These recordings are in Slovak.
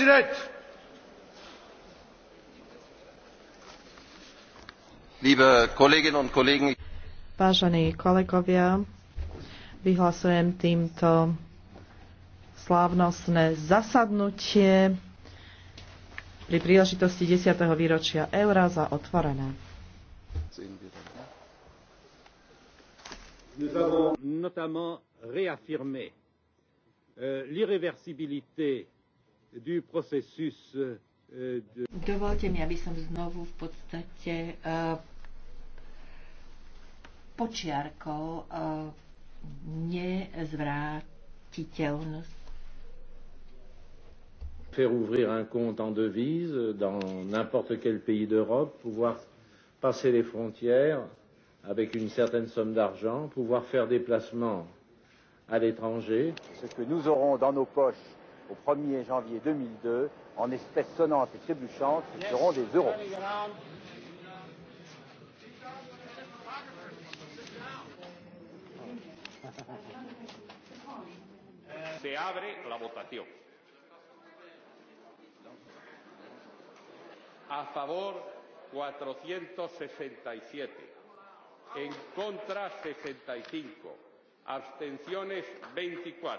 President! Liebe Kolleginnen und Kollegen, Vážení kolegovia, vyhlasujem týmto slávnostné zasadnutie pri príležitosti 10. výročia eura za otvorené. Nous avons notamment réaffirmé euh, l'irréversibilité du processus euh, de... Dovolte mi, aby som znovu v podstate uh, počiarkol uh, eh, nezvrátiteľnosť faire ouvrir un compte en devise dans n'importe quel pays d'Europe, pouvoir passer les frontières avec une certaine somme d'argent, pouvoir faire des placements à l'étranger. Ce que nous aurons dans nos poches au 1er janvier 2002 en espèces sonnantes et trébuchantes qui seront des euros. Se abre la votación. A favor 467. En contra 65. Abstenciones 24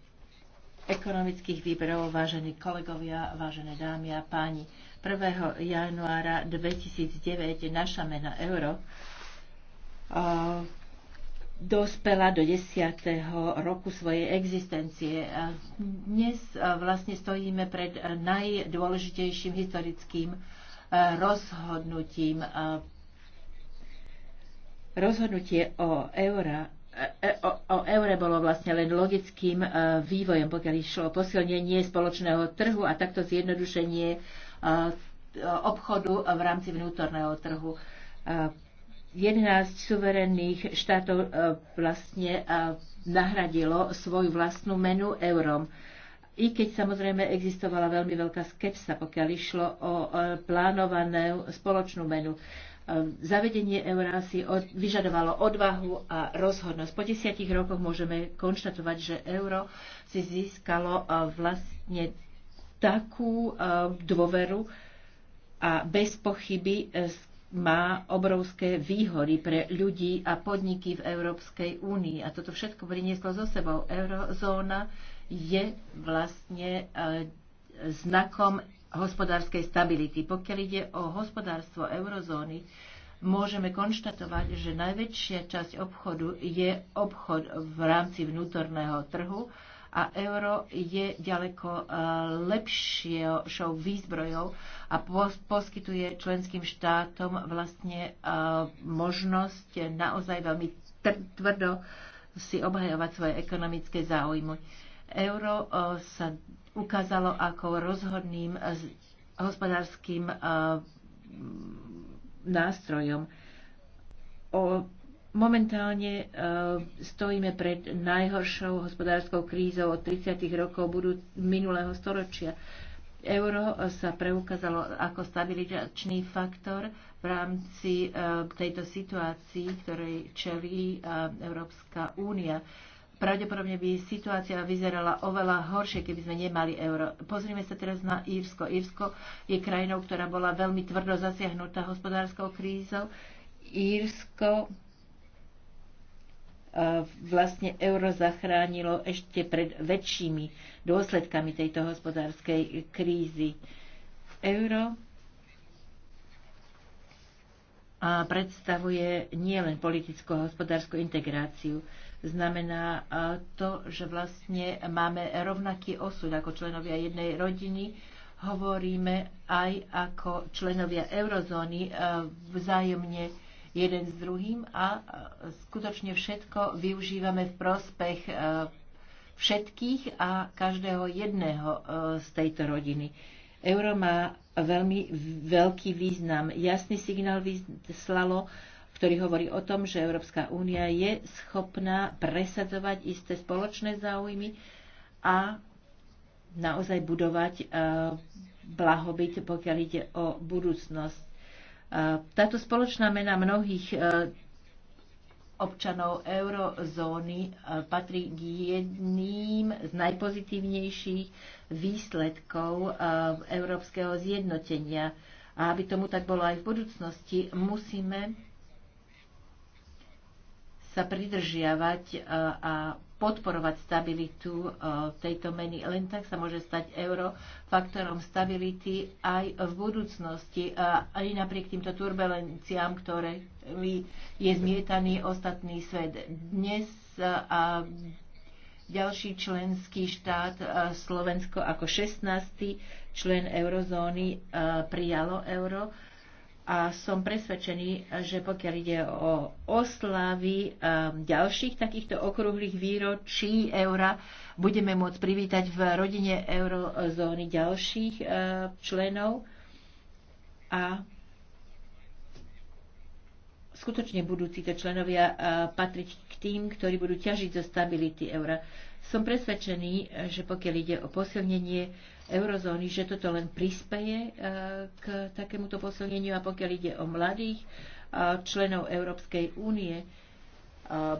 ekonomických výberov, vážení kolegovia, vážené dámy a páni. 1. januára 2009 naša mena euro dospela do 10. roku svojej existencie. Dnes vlastne stojíme pred najdôležitejším historickým rozhodnutím. Rozhodnutie o eura E, o, o eure bolo vlastne len logickým e, vývojom, pokiaľ išlo o posilnenie spoločného trhu a takto zjednodušenie e, obchodu v rámci vnútorného trhu. 11 suverénnych štátov vlastne nahradilo svoju vlastnú menu eurom. I keď samozrejme existovala veľmi veľká skepsa, pokiaľ išlo o plánovanú spoločnú menu. Ehm, zavedenie eurá si vyžadovalo odvahu a rozhodnosť. Po desiatich rokoch môžeme konštatovať, že euro si získalo vlastne takú ehm, dôveru a bez pochyby e, má obrovské výhody pre ľudí a podniky v Európskej únii. A toto všetko prinieslo so sebou. Eurozóna je vlastne e, znakom hospodárskej stability. Pokiaľ ide o hospodárstvo eurozóny, môžeme konštatovať, že najväčšia časť obchodu je obchod v rámci vnútorného trhu a euro je ďaleko eh, lepšou výzbrojou a poskytuje členským štátom vlastne eh, možnosť naozaj veľmi tvrdo si obhajovať svoje ekonomické záujmy. Euro eh, sa ukázalo ako rozhodným eh, hospodárským eh, nástrojom. momentálne eh, stojíme pred najhoršou hospodárskou krízou od 30. rokov budú, minulého storočia. Euro sa preukázalo ako stabilizačný faktor v rámci tejto situácii, ktorej čelí Európska únia Pravdepodobne by situácia vyzerala oveľa horšie, keby sme nemali euro. Pozrime sa teraz na Írsko. Írsko je krajinou, ktorá bola veľmi tvrdo zasiahnutá hospodárskou krízou. Írsko e, vlastne euro zachránilo ešte pred väčšími dôsledkami tejto hospodárskej krízy. Euro a predstavuje nielen politickú a hospodárskú integráciu. Znamená e, to, že vlastne máme rovnaký osud ako členovia jednej rodiny, hovoríme aj ako členovia eurozóny e, vzájomne jeden s druhým a e, skutočne všetko využívame v prospech všetkých a každého jedného z tejto rodiny. Euro má veľmi veľký význam. Jasný signál vyslalo, ktorý hovorí o tom, že Európska únia je schopná presadzovať isté spoločné záujmy a naozaj budovať e, blahobyt, pokiaľ ide o budúcnosť. E, táto spoločná mena mnohých e, občanov eurozóny e, patrí k jedným z najpozitívnejších výsledkov e, európskeho zjednotenia. A aby tomu tak bolo aj v budúcnosti, musíme sa pridržiavať e, a podporovať stabilitu e, tejto meny. Len tak sa môže stať euro faktorom stability aj v budúcnosti, aj napriek týmto turbulenciám, ktoré je zmietaný ostatný svet. Dnes a ďalší členský štát e, Slovensko ako 16. člen eurozóny e, prijalo euro a som presvedčený, že pokiaľ ide o oslavy um, ďalších takýchto okrúhlych výročí eura, budeme môcť privítať v rodine eurozóny ďalších uh, členov a skutočne budú títo členovia uh, patriť k tým, ktorí budú ťažiť zo stability eura. Som presvedčený, že pokiaľ ide o posilnenie eurozóny, že toto len prispeje e, k takémuto posilneniu a pokiaľ ide o mladých e, členov Európskej únie, e,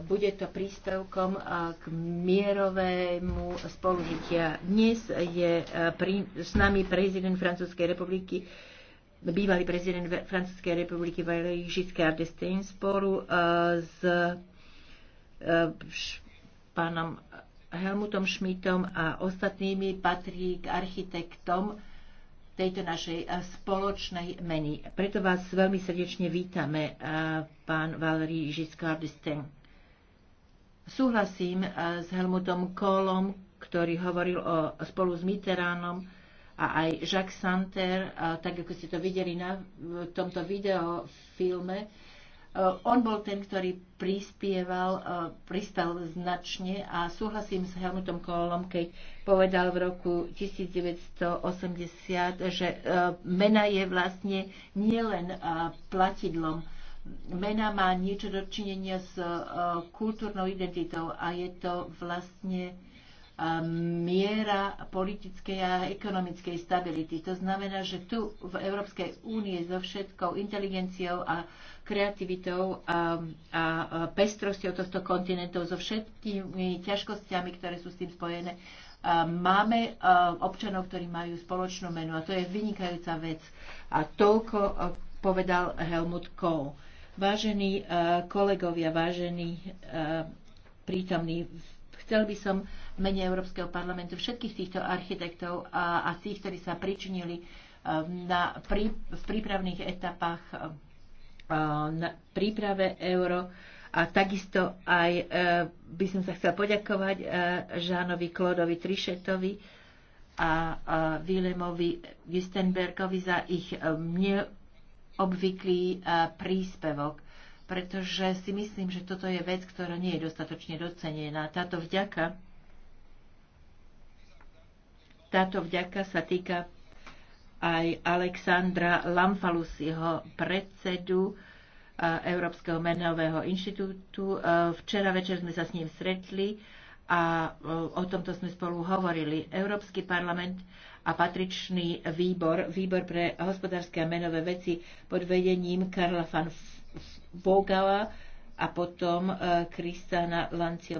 bude to príspevkom k mierovému spolužitia. Dnes je pri, s nami prezident Francúzskej republiky, bývalý prezident Francúzskej republiky Valéry Žickard d'Estaing sporu s pánom Helmutom Schmidtom a ostatnými patrí k architektom tejto našej eh, spoločnej meny. Preto vás veľmi srdečne vítame, eh, pán Valery Žiskard d'Estaing. Súhlasím eh, s Helmutom Kohlom, ktorý hovoril o, spolu s Mitteránom a aj Jacques Santer, tak ako ste to videli na tomto videofilme, Eh, on bol ten, ktorý prispieval, eh, prispel značne a súhlasím s Helmutom Kohlom, keď povedal v roku 1980, že eh, mena je vlastne nielen platidlom. Mena má niečo dočinenia s kultúrnou identitou a je to vlastne miera politickej a ekonomickej stability. To znamená, že tu v Európskej únie so všetkou inteligenciou a uh, kreativitou um, a, a pestrosťou tohto kontinentov, so všetkými ťažkosťami, ktoré sú s tým spojené. Um, máme um, občanov, ktorí majú spoločnú menu a to je vynikajúca vec. A toľko uh, povedal Helmut Kohl. Vážení uh, kolegovia, vážení uh, prítomní, chcel by som v mene Európskeho parlamentu všetkých týchto architektov a, a tých, ktorí sa pričinili na, pri, v prípravných etapách na príprave euro a takisto aj e, by som sa chcel poďakovať e, Žánovi Klodovi Trišetovi a Willemovi Gistenbergovi za ich e, neobvyklý príspevok pretože si myslím, že toto je vec, ktorá nie je dostatočne docenená. Táto vďaka, táto vďaka sa týka aj Alexandra Lamfalusiho, predsedu eh, Európskeho menového inštitútu. Eh, včera večer sme sa s ním stretli a eh, o tomto sme spolu hovorili. Európsky parlament a patričný výbor, výbor pre hospodárske a menové veci pod vedením Karla van Vogala a potom Kristana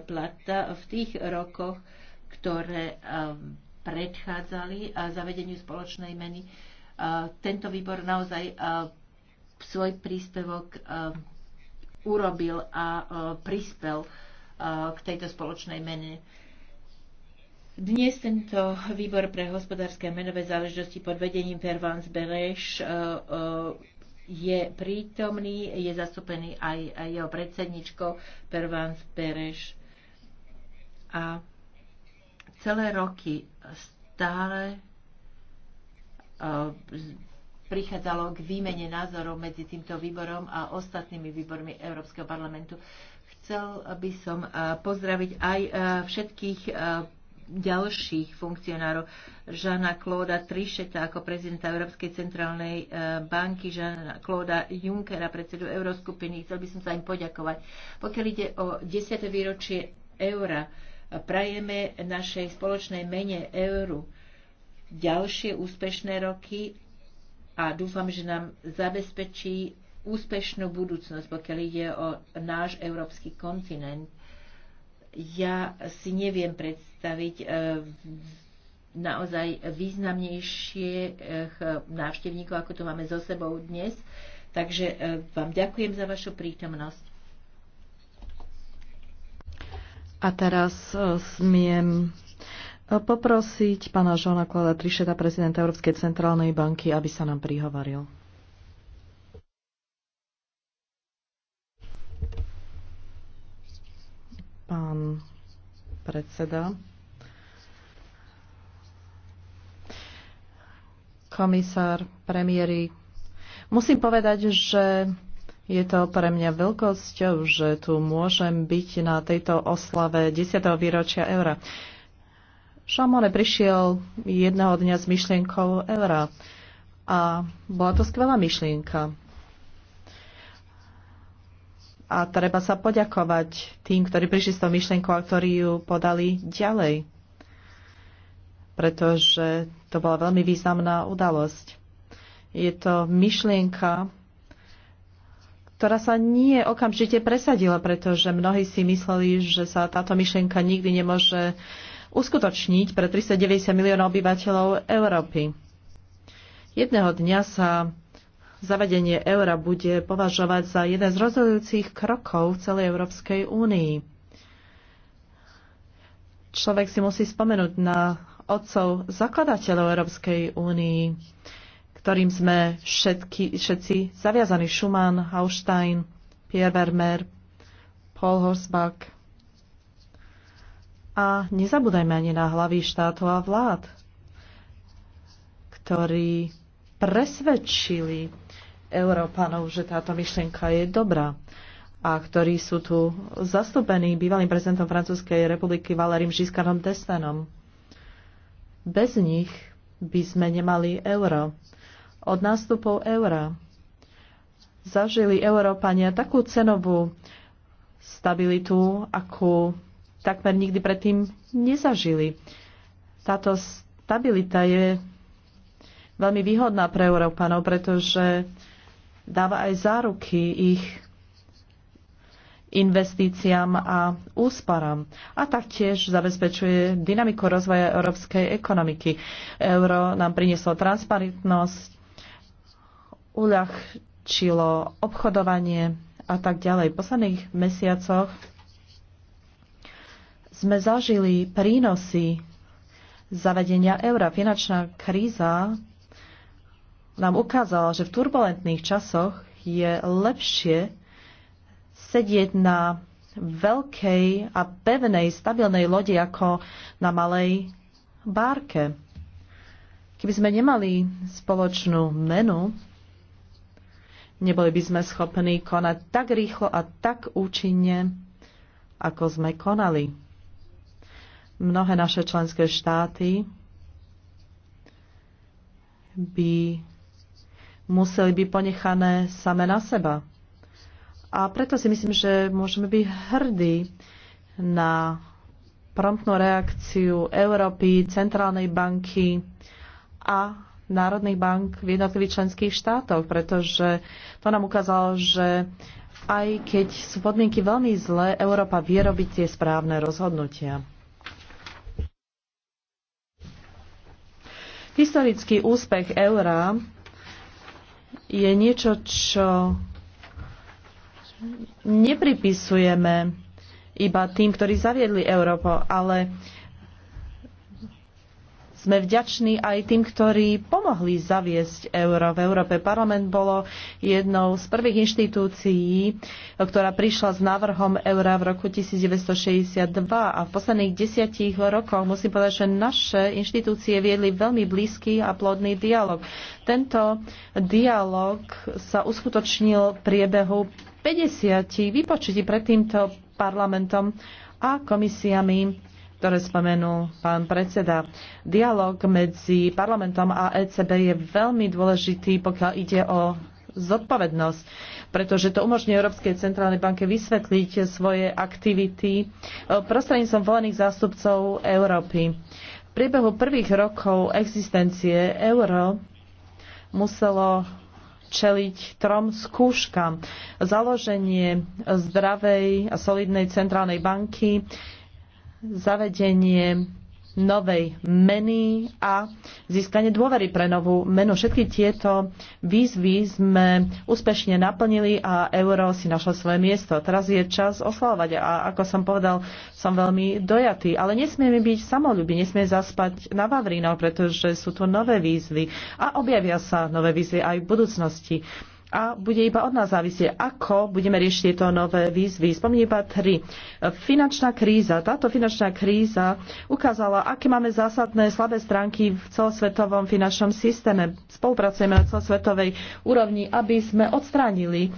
Plata v tých rokoch, ktoré predchádzali eh, zavedeniu spoločnej meny. Eh, tento výbor naozaj eh, svoj príspevok urobil a prispel k tejto spoločnej mene. Dnes tento výbor pre hospodárske a menové záležitosti pod vedením Pervans Bereš je prítomný, je zastúpený aj jeho predsedničkou Pervans Bereš. A celé roky stále e, prichádzalo k výmene názorov medzi týmto výborom a ostatnými výbormi Európskeho parlamentu. Chcel by som e, pozdraviť aj e, všetkých ďalších funkcionárov. Žana Klóda Trišeta ako prezidenta Európskej centrálnej banky, Žana Klóda Junckera, predsedu Euroskupiny. Chcel by som sa im poďakovať. Pokiaľ ide o 10. výročie eura, prajeme našej spoločnej mene euru ďalšie úspešné roky a dúfam, že nám zabezpečí úspešnú budúcnosť, pokiaľ ide o náš európsky kontinent. Ja si neviem predstaviť e, naozaj významnejších e, návštevníkov, ako to máme so sebou dnes. Takže e, vám ďakujem za vašu prítomnosť. A teraz e, smiem e, poprosiť pána Žona Klada Trišeta, prezidenta Európskej centrálnej banky, aby sa nám prihovoril. Pán predseda. Komisár, premiéry. Musím povedať, že je to pre mňa veľkosťou, že tu môžem byť na tejto oslave 10. výročia eura. Šamone prišiel jedného dňa s myšlienkou eura a bola to skvelá myšlienka. A treba sa poďakovať tým, ktorí prišli s tou myšlienkou a ktorí ju podali ďalej. Pretože to bola veľmi významná udalosť. Je to myšlienka, ktorá sa nie okamžite presadila, pretože mnohí si mysleli, že sa táto myšlienka nikdy nemôže uskutočniť pre 390 miliónov obyvateľov Európy. Jedného dňa sa zavedenie eura bude považovať za jeden z rozhodujúcich krokov v celej Európskej únii. Človek si musí spomenúť na otcov zakladateľov Európskej únii ktorým sme všetky, všetci zaviazaní. Schumann, Haustein, Pierre Vermeer, Paul Horsbach. A nezabúdajme ani na hlavy štátov a vlád, ktorí presvedčili Európanov, že táto myšlienka je dobrá a ktorí sú tu zastúpení bývalým prezidentom Francúzskej republiky Valerím Žiskanom d'Estanom. Bez nich by sme nemali euro od nástupov eura. Zažili Európania takú cenovú stabilitu, akú takmer nikdy predtým nezažili. Táto stabilita je veľmi výhodná pre Európanov, pretože dáva aj záruky ich investíciám a úsporám a taktiež zabezpečuje dynamiku rozvoja európskej ekonomiky. Euro nám prinieslo transparentnosť, uľahčilo obchodovanie a tak ďalej. V posledných mesiacoch sme zažili prínosy zavedenia eura. Finančná kríza nám ukázala, že v turbulentných časoch je lepšie sedieť na veľkej a pevnej, stabilnej lodi ako na malej bárke. Keby sme nemali spoločnú menu, neboli by sme schopní konať tak rýchlo a tak účinne, ako sme konali. Mnohé naše členské štáty by museli byť ponechané same na seba. A preto si myslím, že môžeme byť hrdí na promptnú reakciu Európy, Centrálnej banky a národných bank v jednotlivých členských štátoch, pretože to nám ukázalo, že aj keď sú podmienky veľmi zlé, Európa vie robiť tie správne rozhodnutia. Historický úspech eura je niečo, čo nepripisujeme iba tým, ktorí zaviedli Európu, ale sme vďační aj tým, ktorí pomohli zaviesť euro. V Európe parlament bolo jednou z prvých inštitúcií, ktorá prišla s návrhom eura v roku 1962 a v posledných desiatich rokoch musím povedať, že naše inštitúcie viedli veľmi blízky a plodný dialog. Tento dialog sa uskutočnil v priebehu 50 vypočutí pred týmto parlamentom a komisiami ktoré spomenul pán predseda. Dialóg medzi parlamentom a ECB je veľmi dôležitý, pokiaľ ide o zodpovednosť, pretože to umožňuje Európskej centrálnej banke vysvetliť svoje aktivity e, prostredníctvom volených zástupcov Európy. V priebehu prvých rokov existencie euro muselo čeliť trom skúškam. Založenie zdravej a solidnej centrálnej banky, zavedenie novej meny a získanie dôvery pre novú menu. Všetky tieto výzvy sme úspešne naplnili a euro si našlo svoje miesto. Teraz je čas oslavovať a ako som povedal, som veľmi dojatý. Ale nesmieme byť samolúbi, nesmieme zaspať na Vavrino, pretože sú tu nové výzvy a objavia sa nové výzvy aj v budúcnosti a bude iba od nás závisieť, ako budeme riešiť tieto nové výzvy. Spomínam iba tri. Finančná kríza. Táto finančná kríza ukázala, aké máme zásadné slabé stránky v celosvetovom finančnom systéme. Spolupracujeme na celosvetovej úrovni, aby sme odstránili e,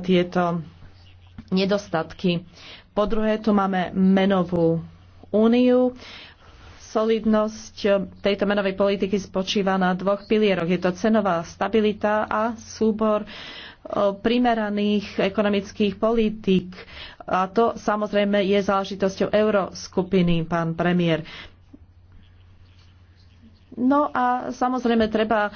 tieto nedostatky. Po druhé, tu máme menovú úniu solidnosť eh, tejto menovej politiky spočíva na dvoch pilieroch. Je to cenová stabilita a súbor eh, primeraných ekonomických politík. A to samozrejme je záležitosťou euroskupiny, pán premiér. No a samozrejme treba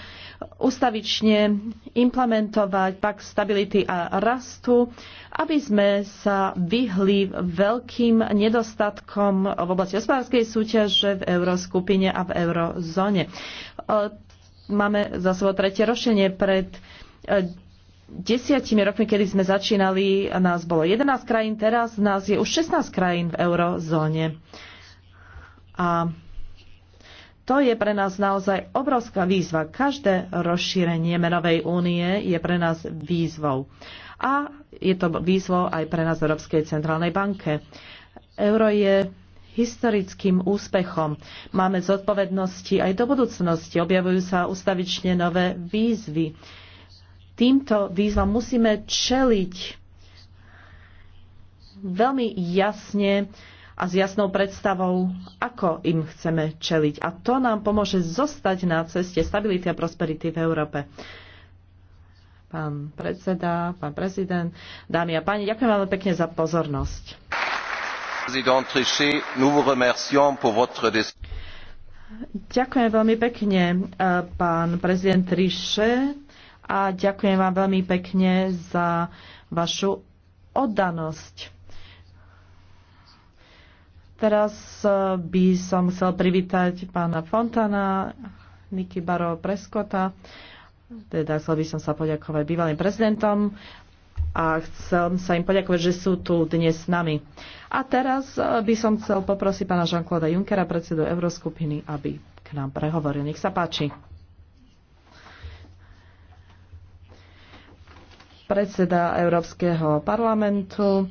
ustavične implementovať pak stability a rastu, aby sme sa vyhli veľkým nedostatkom v oblasti hospodárskej súťaže v euroskupine a v eurozóne. E, máme za sebou tretie rošenie pred e, desiatimi rokmi, kedy sme začínali, nás bolo 11 krajín, teraz nás je už 16 krajín v eurozóne. A to je pre nás naozaj obrovská výzva. Každé rozšírenie menovej únie je pre nás výzvou. A je to výzvou aj pre nás Európskej centrálnej banke. Euro je historickým úspechom. Máme zodpovednosti aj do budúcnosti. Objavujú sa ustavične nové výzvy. Týmto výzvam musíme čeliť veľmi jasne, a s jasnou predstavou, ako im chceme čeliť. A to nám pomôže zostať na ceste stability a prosperity v Európe. Pán predseda, pán prezident, dámy a páni, ďakujem veľmi pekne za pozornosť. Ďakujem veľmi pekne, eh, pán prezident Triše, a ďakujem vám veľmi pekne za vašu oddanosť. Teraz eh, by som chcel privítať pána Fontana, Niky Baro Preskota. Teda chcel by som sa poďakovať bývalým prezidentom a chcel sa im poďakovať, že sú tu dnes s nami. A teraz eh, by som chcel poprosiť pána Jean-Claude Junckera, predsedu Euroskupiny, aby k nám prehovoril. Nech sa páči. Predseda Európskeho parlamentu,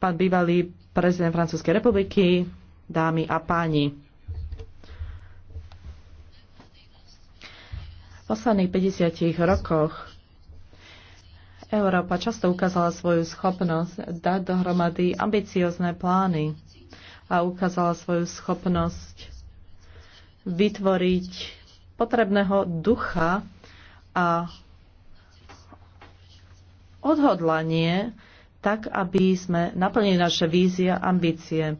pán bývalý prezident Francúzskej republiky, dámy a páni. V posledných 50 rokoch Európa často ukázala svoju schopnosť dať dohromady ambiciozne plány a ukázala svoju schopnosť vytvoriť potrebného ducha a odhodlanie tak aby sme naplnili naše vízie a ambície.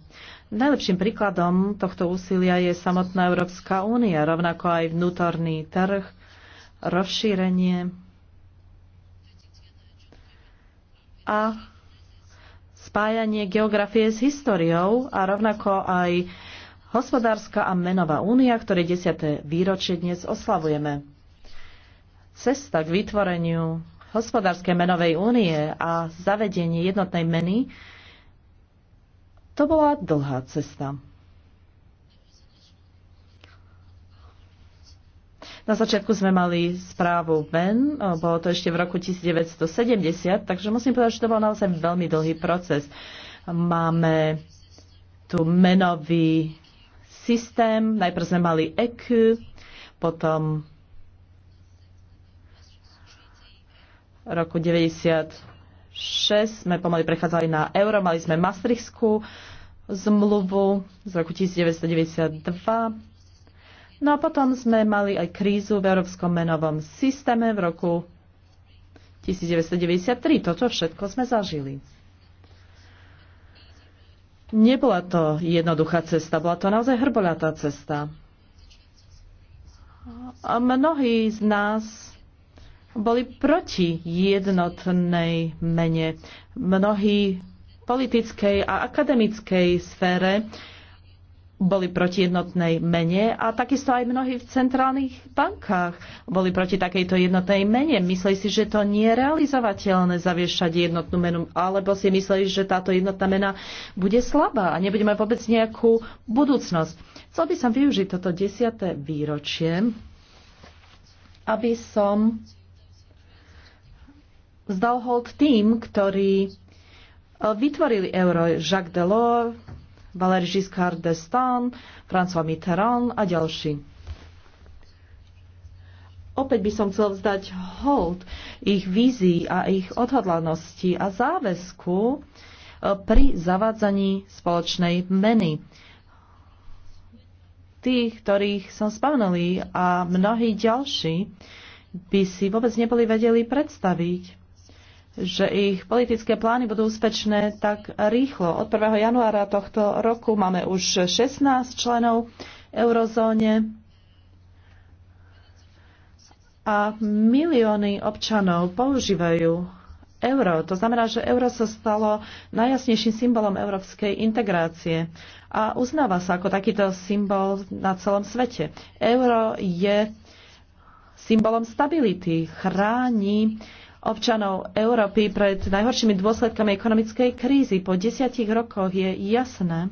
Najlepším príkladom tohto úsilia je samotná Európska únia, rovnako aj vnútorný trh, rozšírenie a spájanie geografie s históriou a rovnako aj hospodárska a menová únia, ktoré 10. výročie dnes oslavujeme. Cesta k vytvoreniu hospodárskej menovej únie a zavedenie jednotnej meny, to bola dlhá cesta. Na začiatku sme mali správu Ben, bolo to ešte v roku 1970, takže musím povedať, že to bol naozaj veľmi dlhý proces. Máme tu menový systém, najprv sme mali EQ, potom roku 96 sme pomaly prechádzali na euro, mali sme Maastrichtskú zmluvu z roku 1992. No a potom sme mali aj krízu v európskom menovom systéme v roku 1993. Toto všetko sme zažili. Nebola to jednoduchá cesta, bola to naozaj hrboľatá cesta. A mnohí z nás boli proti jednotnej mene. Mnohí politickej a akademickej sfére boli proti jednotnej mene a takisto aj mnohí v centrálnych bankách boli proti takejto jednotnej mene. Mysleli si, že to nie je realizovateľné zaviešať jednotnú menu, alebo si mysleli, že táto jednotná mena bude slabá a nebudeme vôbec nejakú budúcnosť. Chcel by som využiť toto desiaté výročie, aby som vzdal hold tým, ktorí eh, vytvorili euro. Jacques Delors, Valéry Giscard d'Estaing, François Mitterrand a ďalší. Opäť by som chcel vzdať hold ich vízii a ich odhodlanosti a záväzku eh, pri zavádzaní spoločnej meny tých, ktorých som spomenuli a mnohí ďalší by si vôbec neboli vedeli predstaviť, že ich politické plány budú úspešné tak rýchlo. Od 1. januára tohto roku máme už 16 členov eurozóne a milióny občanov používajú euro. To znamená, že euro sa stalo najjasnejším symbolom európskej integrácie a uznáva sa ako takýto symbol na celom svete. Euro je symbolom stability, chráni občanov Európy pred najhoršími dôsledkami ekonomickej krízy. Po desiatich rokoch je jasné,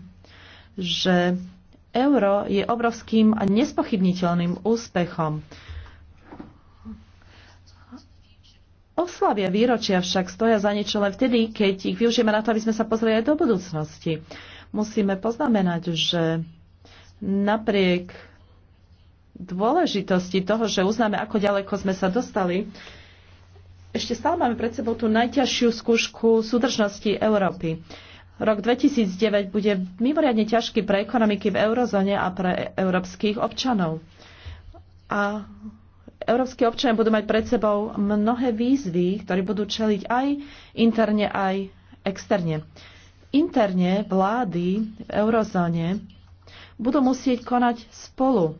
že euro je obrovským a nespochybniteľným úspechom. Oslavia výročia však stoja za niečo len vtedy, keď ich využijeme na to, aby sme sa pozreli aj do budúcnosti. Musíme poznamenať, že napriek dôležitosti toho, že uznáme, ako ďaleko sme sa dostali, ešte stále máme pred sebou tú najťažšiu skúšku súdržnosti Európy. Rok 2009 bude mimoriadne ťažký pre ekonomiky v eurozóne a pre európskych občanov. A európsky občania budú mať pred sebou mnohé výzvy, ktoré budú čeliť aj interne, aj externe. Interne vlády v eurozóne budú musieť konať spolu,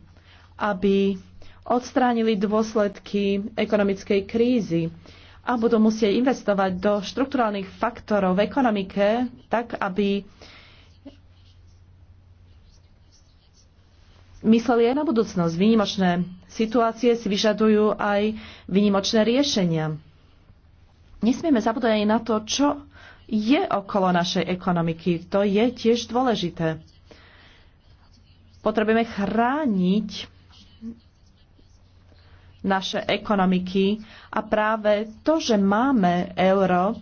aby odstránili dôsledky ekonomickej krízy, a budú musieť investovať do štrukturálnych faktorov v ekonomike, tak aby mysleli aj na budúcnosť. Výnimočné situácie si vyžadujú aj výnimočné riešenia. Nesmieme zabúdať aj na to, čo je okolo našej ekonomiky. To je tiež dôležité. Potrebujeme chrániť naše ekonomiky. A práve to, že máme euro,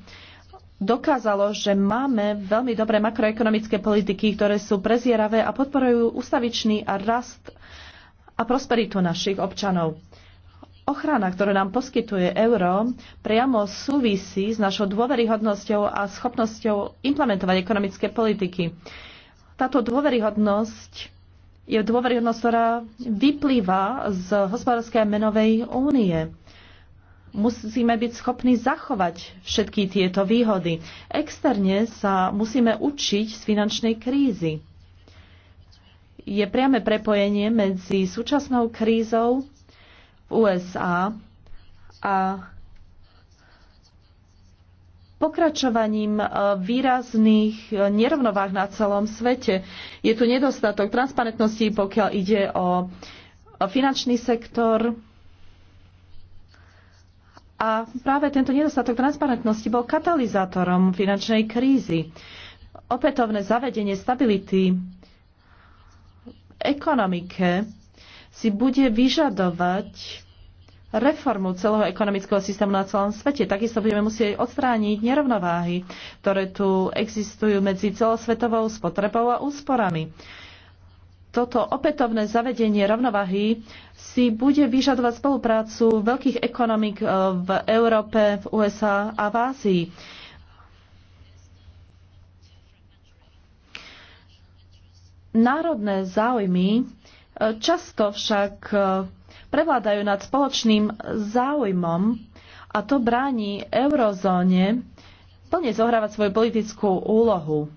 dokázalo, že máme veľmi dobré makroekonomické politiky, ktoré sú prezieravé a podporujú ustavičný a rast a prosperitu našich občanov. Ochrana, ktorú nám poskytuje euro, priamo súvisí s našou dôveryhodnosťou a schopnosťou implementovať ekonomické politiky. Táto dôveryhodnosť je dôveryhodnosť, ktorá vyplýva z hospodárskej a menovej únie. Musíme byť schopní zachovať všetky tieto výhody. Externe sa musíme učiť z finančnej krízy. Je priame prepojenie medzi súčasnou krízou v USA a pokračovaním e, výrazných e, nerovnovách na celom svete. Je tu nedostatok transparentnosti, pokiaľ ide o finančný sektor. A práve tento nedostatok transparentnosti bol katalizátorom finančnej krízy. Opätovné zavedenie stability v ekonomike si bude vyžadovať reformu celého ekonomického systému na celom svete. Takisto budeme musieť odstrániť nerovnováhy, ktoré tu existujú medzi celosvetovou spotrebou a úsporami. Toto opätovné zavedenie rovnováhy si bude vyžadovať spoluprácu veľkých ekonomik eh, v Európe, v USA a v Ázii. Národné záujmy eh, často však eh, prevládajú nad spoločným záujmom a to bráni eurozóne plne zohrávať svoju politickú úlohu.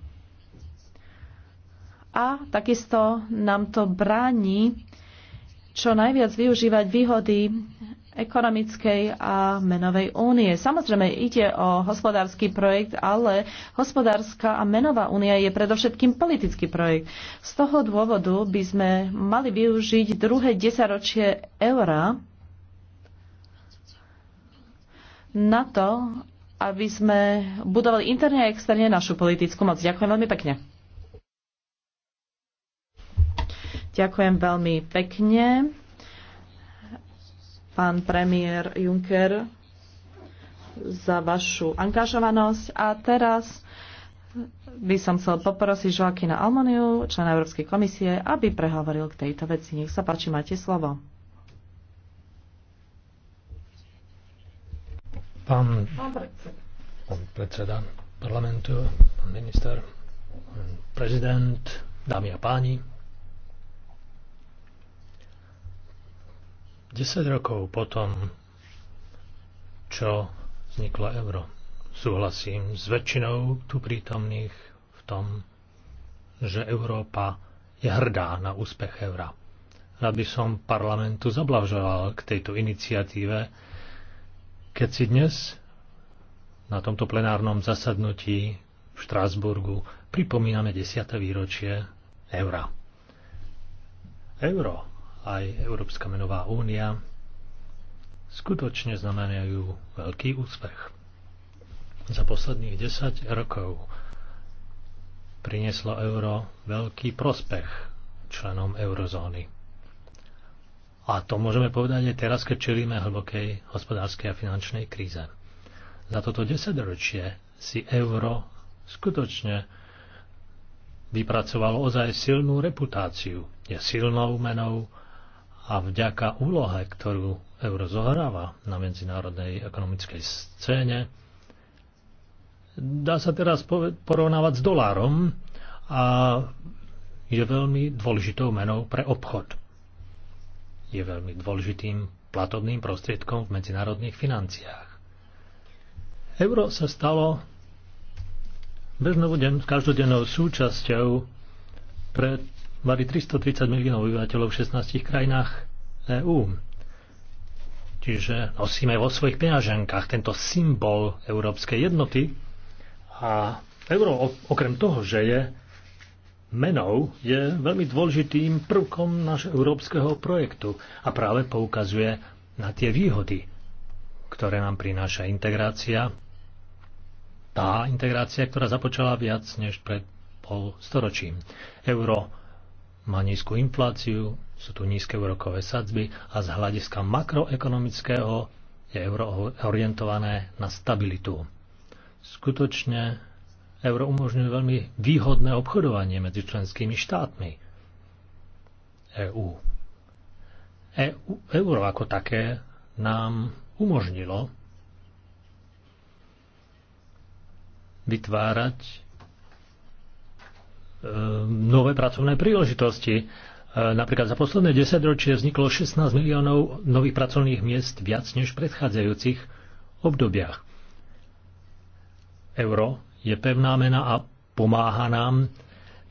A takisto nám to bráni čo najviac využívať výhody ekonomickej a menovej únie. Samozrejme ide o hospodársky projekt, ale hospodárska a menová únia je predovšetkým politický projekt. Z toho dôvodu by sme mali využiť druhé desaťročie eura na to, aby sme budovali interne a externe našu politickú moc. Ďakujem veľmi pekne. Ďakujem veľmi pekne pán premiér Juncker, za vašu angažovanosť. A teraz by som chcel poprosiť Joaquina Almoniu, člena Európskej komisie, aby prehovoril k tejto veci. Nech sa páči, máte slovo. Pán, pán predseda parlamentu, pán minister, pán prezident, dámy a páni, 10 rokov potom, čo vzniklo euro, súhlasím s väčšinou tu prítomných v tom, že Európa je hrdá na úspech eura. Rád by som parlamentu zablažoval k tejto iniciatíve, keď si dnes na tomto plenárnom zasadnutí v Štrásburgu pripomíname 10. výročie eura. Euro aj Európska menová únia skutočne znamenajú veľký úspech. Za posledných 10 rokov prinieslo euro veľký prospech členom eurozóny. A to môžeme povedať aj teraz, keď čelíme hlbokej hospodárskej a finančnej kríze. Za toto desaťročie si euro skutočne vypracovalo ozaj silnú reputáciu. Je silnou menou, a vďaka úlohe, ktorú euro zohráva na medzinárodnej ekonomickej scéne, dá sa teraz porovnávať s dolárom a je veľmi dôležitou menou pre obchod. Je veľmi dôležitým platobným prostriedkom v medzinárodných financiách. Euro sa stalo bežnou každodennou súčasťou pre Mali 330 miliónov obyvateľov v 16 krajinách EÚ. Čiže nosíme vo svojich peňaženkách tento symbol európskej jednoty a euro okrem toho, že je menou, je veľmi dôležitým prvkom nášho európskeho projektu a práve poukazuje na tie výhody, ktoré nám prináša integrácia. Tá integrácia, ktorá započala viac než pred pol storočím. Euro má nízku infláciu, sú tu nízke úrokové sadzby a z hľadiska makroekonomického je euro orientované na stabilitu. Skutočne euro umožňuje veľmi výhodné obchodovanie medzi členskými štátmi EÚ. EU. Euro ako také nám umožnilo vytvárať Ehm, nové pracovné príležitosti. Ehm, napríklad za posledné 10 ročie vzniklo 16 miliónov nových pracovných miest viac než v predchádzajúcich obdobiach. Euro je pevná mena a pomáha nám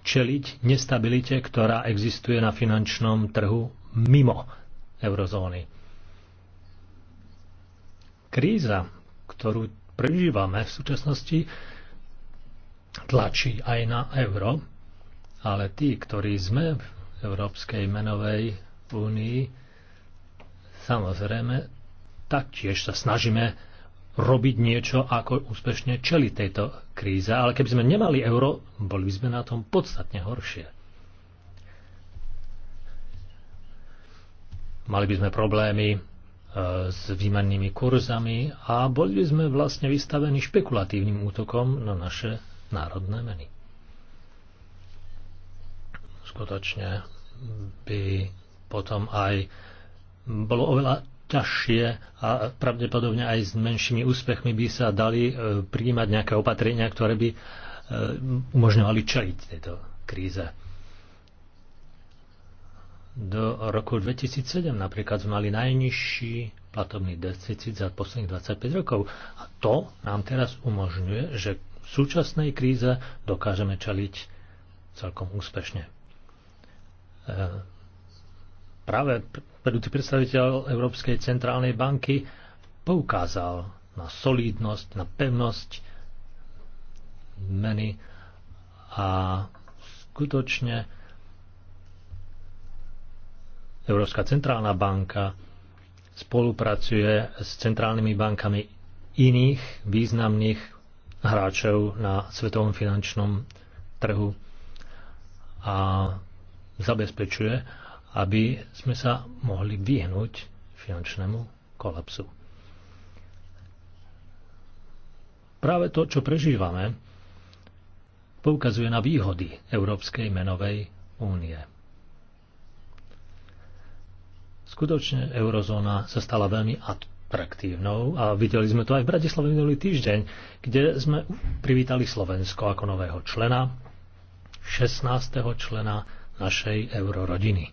čeliť nestabilite, ktorá existuje na finančnom trhu mimo eurozóny. Kríza, ktorú prežívame v súčasnosti, tlačí aj na euro ale tí, ktorí sme v Európskej menovej únii, samozrejme, taktiež sa snažíme robiť niečo, ako úspešne čeli tejto kríze. Ale keby sme nemali euro, boli by sme na tom podstatne horšie. Mali by sme problémy e, s výmennými kurzami a boli by sme vlastne vystavení špekulatívnym útokom na naše národné meny skutočne by potom aj bolo oveľa ťažšie a pravdepodobne aj s menšími úspechmi by sa dali e, prijímať nejaké opatrenia, ktoré by e, umožňovali čeliť tejto kríze. Do roku 2007 napríklad sme mali najnižší platobný deficit za posledných 25 rokov. A to nám teraz umožňuje, že v súčasnej kríze dokážeme čeliť celkom úspešne. Eh, práve vedúci predstaviteľ Európskej centrálnej banky poukázal na solidnosť, na pevnosť meny a skutočne Európska centrálna banka spolupracuje s centrálnymi bankami iných významných hráčov na svetovom finančnom trhu a zabezpečuje, aby sme sa mohli vyhnúť finančnému kolapsu. Práve to, čo prežívame, poukazuje na výhody Európskej menovej únie. Skutočne eurozóna sa stala veľmi atraktívnou a videli sme to aj v Bratislave minulý týždeň, kde sme privítali Slovensko ako nového člena, 16. člena našej eurorodiny.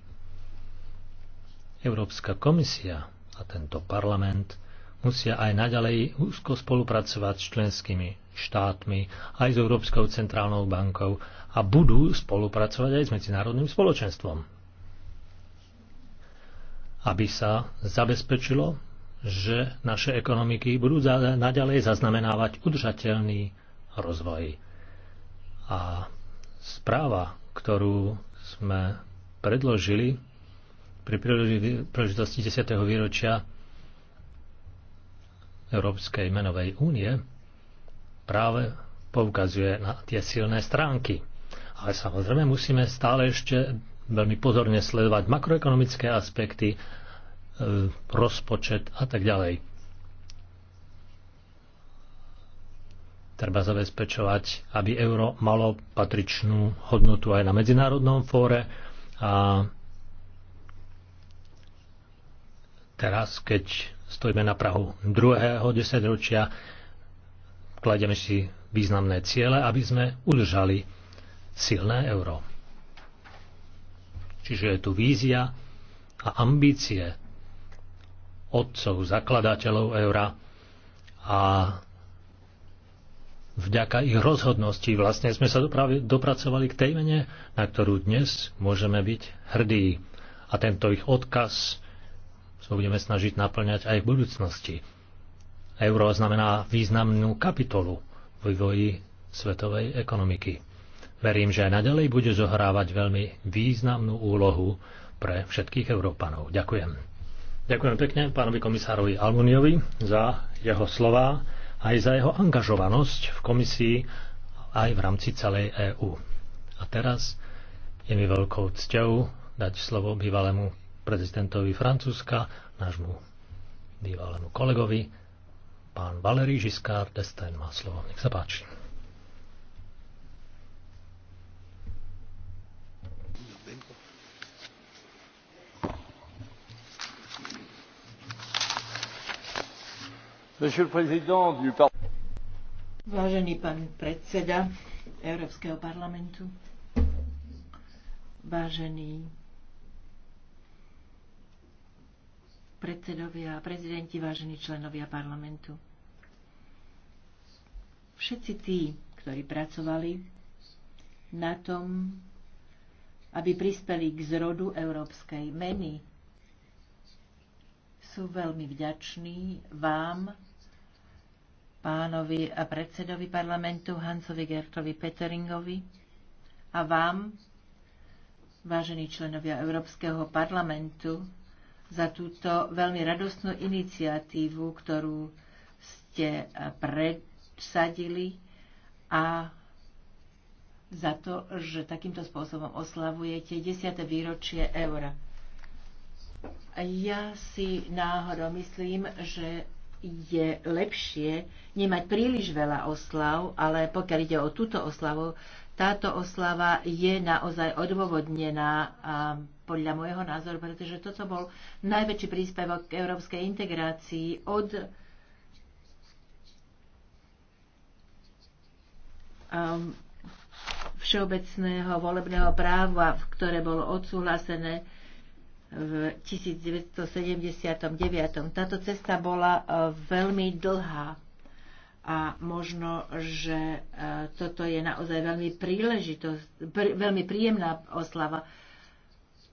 Európska komisia a tento parlament musia aj naďalej úzko spolupracovať s členskými štátmi, aj s Európskou centrálnou bankou a budú spolupracovať aj s medzinárodným spoločenstvom. Aby sa zabezpečilo, že naše ekonomiky budú naďalej zaznamenávať udržateľný rozvoj. A správa, ktorú sme predložili pri príležitosti 10. výročia Európskej menovej únie práve poukazuje na tie silné stránky. Ale samozrejme musíme stále ešte veľmi pozorne sledovať makroekonomické aspekty, e, rozpočet a tak ďalej. Treba zabezpečovať, aby euro malo patričnú hodnotu aj na medzinárodnom fóre a teraz, keď stojíme na Prahu druhého desaťročia, kladieme si významné ciele, aby sme udržali silné euro. Čiže je tu vízia a ambície otcov, zakladateľov eura a vďaka ich rozhodnosti vlastne sme sa doprav- dopracovali k tej mene, na ktorú dnes môžeme byť hrdí. A tento ich odkaz sa budeme snažiť naplňať aj v budúcnosti. Euro znamená významnú kapitolu v vývoji svetovej ekonomiky. Verím, že aj naďalej bude zohrávať veľmi významnú úlohu pre všetkých Európanov. Ďakujem. Ďakujem pekne pánovi komisárovi Almuniovi za jeho slova aj za jeho angažovanosť v komisii aj v rámci celej EÚ. A teraz je mi veľkou cťou dať slovo bývalému prezidentovi Francúzska, nášmu bývalému kolegovi, pán Valery Žiskár Destein má slovo. Nech sa páči. Vážený pán predseda Európskeho parlamentu, vážení predsedovia a prezidenti, vážení členovia parlamentu. Všetci tí, ktorí pracovali na tom, aby prispeli k zrodu európskej meny, sú veľmi vďační vám, pánovi a predsedovi parlamentu Hansovi Gertovi Peteringovi a vám, vážení členovia Európskeho parlamentu, za túto veľmi radostnú iniciatívu, ktorú ste predsadili a za to, že takýmto spôsobom oslavujete 10. výročie eura. Ja si náhodou myslím, že je lepšie nemať príliš veľa oslav, ale pokiaľ ide o túto oslavu, táto oslava je naozaj odôvodnená podľa môjho názoru, pretože toto bol najväčší príspevok k európskej integrácii od um, všeobecného volebného práva, ktoré bolo odsúhlasené v 1979. Táto cesta bola e, veľmi dlhá a možno, že e, toto je naozaj veľmi, príležitosť, pr- veľmi príjemná oslava.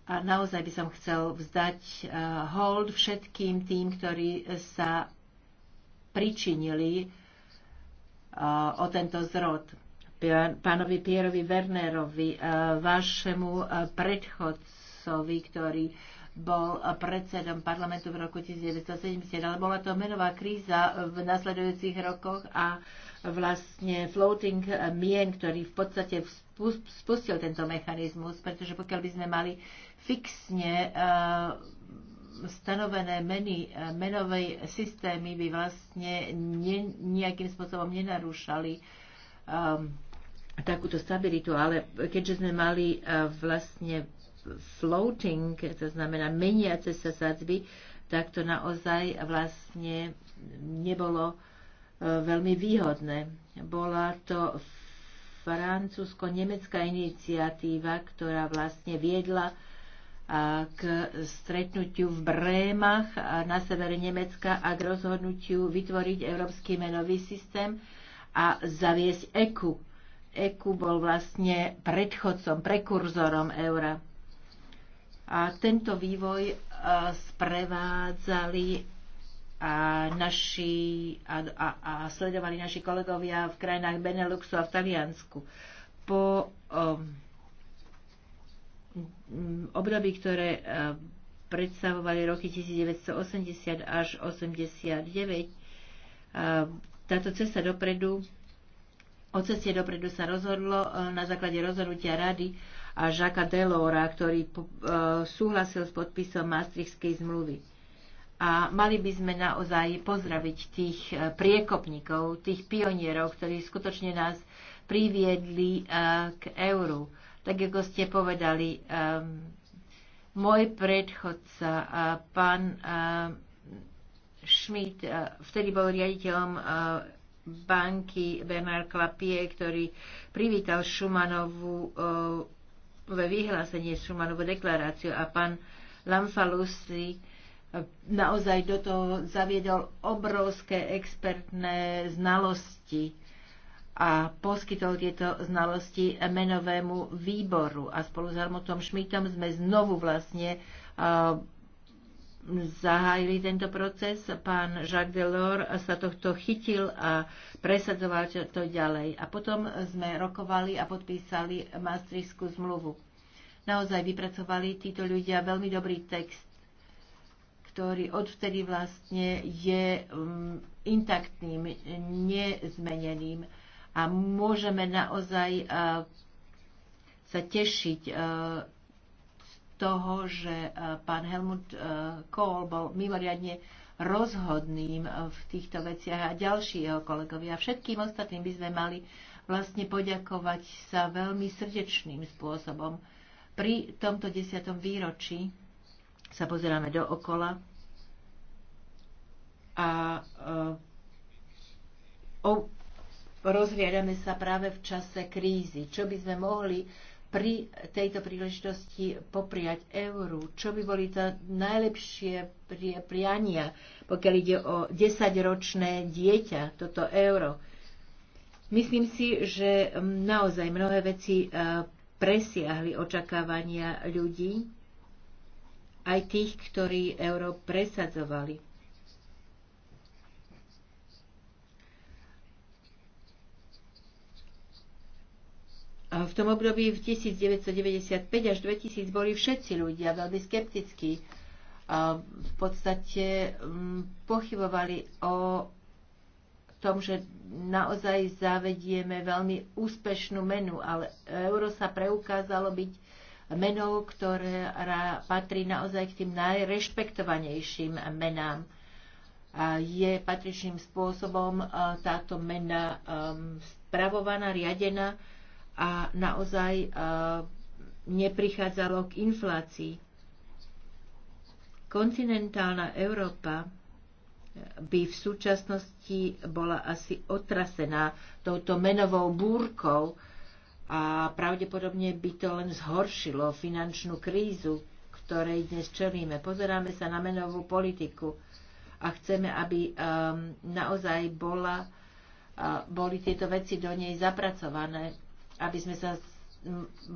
A naozaj by som chcel vzdať e, hold všetkým tým, ktorí sa pričinili o tento zrod. Pánovi Pierovi Wernerovi, vašemu predchodcu, Šulcovi, ktorý bol predsedom parlamentu v roku 1970, ale bola to menová kríza v nasledujúcich rokoch a vlastne floating mien, ktorý v podstate spustil tento mechanizmus, pretože pokiaľ by sme mali fixne eh, stanovené meny, eh, menovej systémy by vlastne ne, nejakým spôsobom nenarúšali um, takúto stabilitu, ale keďže sme mali uh, vlastne floating, to znamená meniace sa sadzby, tak to naozaj vlastne nebolo e, veľmi výhodné. Bola to francúzsko-nemecká iniciatíva, ktorá vlastne viedla e, k stretnutiu v Brémach na severe Nemecka a k rozhodnutiu vytvoriť Európsky menový systém a zaviesť EKU. EKU bol vlastne predchodcom, prekurzorom eura. A tento vývoj e, sprevádzali a, naši, a, a, a sledovali naši kolegovia v krajinách Beneluxu a v Taliansku. Po um, období, ktoré um, predstavovali roky 1980 až 89, e, táto cesta dopredu, o ceste dopredu sa rozhodlo na základe rozhodnutia rady a Žaka Delora, ktorý eh, súhlasil s podpisom Maastrichtskej zmluvy. A mali by sme naozaj pozdraviť tých eh, priekopníkov, tých pionierov, ktorí skutočne nás priviedli eh, k euru. Tak ako ste povedali, ehm, môj predchodca, pán Schmidt, vtedy bol riaditeľom banky Bernard Klapie, ktorý privítal Šumanovú vyhlásenie Šumanovú deklaráciu a pán Lamfalusi eh, naozaj do toho zaviedol obrovské expertné znalosti a poskytol tieto znalosti menovému výboru. A spolu s Helmutom Šmitom sme znovu vlastne eh, zahájili tento proces. Pán Jacques Delors sa tohto chytil a presadzoval to ďalej. A potom sme rokovali a podpísali Maastrichtskú zmluvu. Naozaj vypracovali títo ľudia veľmi dobrý text, ktorý odvtedy vlastne je mm, intaktným, nezmeneným a môžeme naozaj eh, sa tešiť eh, toho, že e, pán Helmut e, Kohl bol mimoriadne rozhodným e, v týchto veciach a ďalší jeho kolegovia. Všetkým ostatným by sme mali vlastne poďakovať sa veľmi srdečným spôsobom. Pri tomto desiatom výročí sa pozeráme do okola. a rozhliadame sa práve v čase krízy. Čo by sme mohli pri tejto príležitosti popriať euru, čo by boli to najlepšie pri, priania, pokiaľ ide o desaťročné dieťa, toto euro. Myslím si, že mm, naozaj mnohé veci e, presiahli očakávania ľudí, aj tých, ktorí euro presadzovali. V tom období v 1995 až 2000 boli všetci ľudia veľmi skeptickí. A v podstate mm, pochybovali o tom, že naozaj zavedieme veľmi úspešnú menu, ale euro sa preukázalo byť menou, ktoré patrí naozaj k tým najrešpektovanejším menám. A je patričným spôsobom e, táto mena e, spravovaná, riadená a naozaj eh, neprichádzalo k inflácii. Kontinentálna Európa eh, by v súčasnosti bola asi otrasená touto menovou búrkou a pravdepodobne by to len zhoršilo finančnú krízu, ktorej dnes čelíme. Pozeráme sa na menovú politiku a chceme, aby um, naozaj bola, uh, boli tieto veci do nej zapracované aby sme, sa,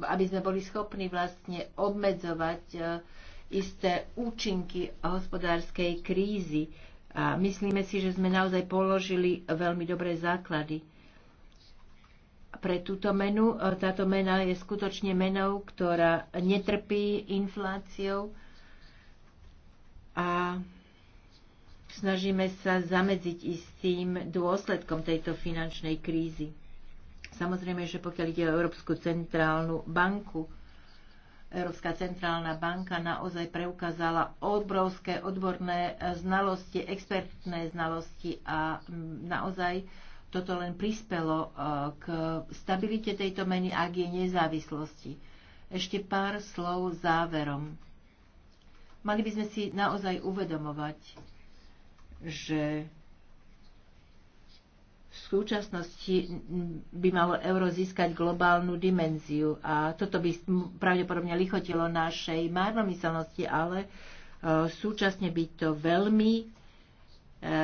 aby sme boli schopní vlastne obmedzovať e, isté účinky hospodárskej krízy. A myslíme si, že sme naozaj položili veľmi dobré základy pre túto menu. E, táto mena je skutočne menou, ktorá netrpí infláciou a snažíme sa zamedziť istým dôsledkom tejto finančnej krízy. Samozrejme, že pokiaľ ide o Európsku centrálnu banku, Európska centrálna banka naozaj preukázala obrovské odborné znalosti, expertné znalosti a naozaj toto len prispelo eh, k stabilite tejto meny a k jej nezávislosti. Ešte pár slov záverom. Mali by sme si naozaj uvedomovať, že v súčasnosti by malo euro získať globálnu dimenziu a toto by pravdepodobne lichotilo našej márnomyselnosti, ale e, súčasne by to veľmi e,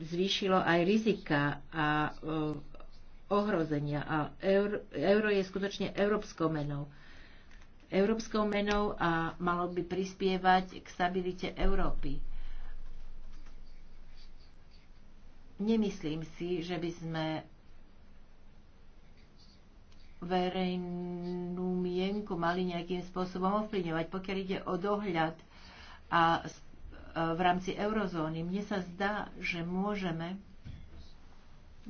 zvýšilo aj rizika a e, ohrozenia. A euro, euro je skutočne európskou menou. Európskou menou a malo by prispievať k stabilite Európy. Nemyslím si, že by sme verejnú mienku mali nejakým spôsobom ovplyvňovať, pokiaľ ide o dohľad a v rámci eurozóny. Mne sa zdá, že môžeme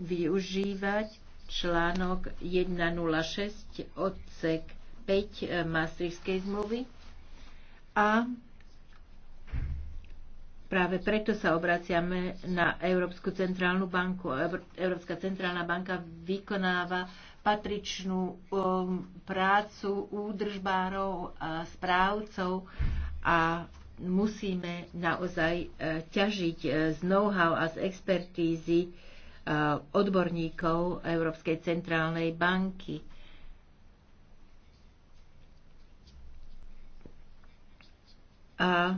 využívať článok 106 odsek 5 Maastrichtskej zmluvy a Práve preto sa obraciame na Európsku centrálnu banku. Európska centrálna banka vykonáva patričnú um, prácu údržbárov a správcov a musíme naozaj e, ťažiť e, z know-how a z expertízy e, odborníkov Európskej centrálnej banky. A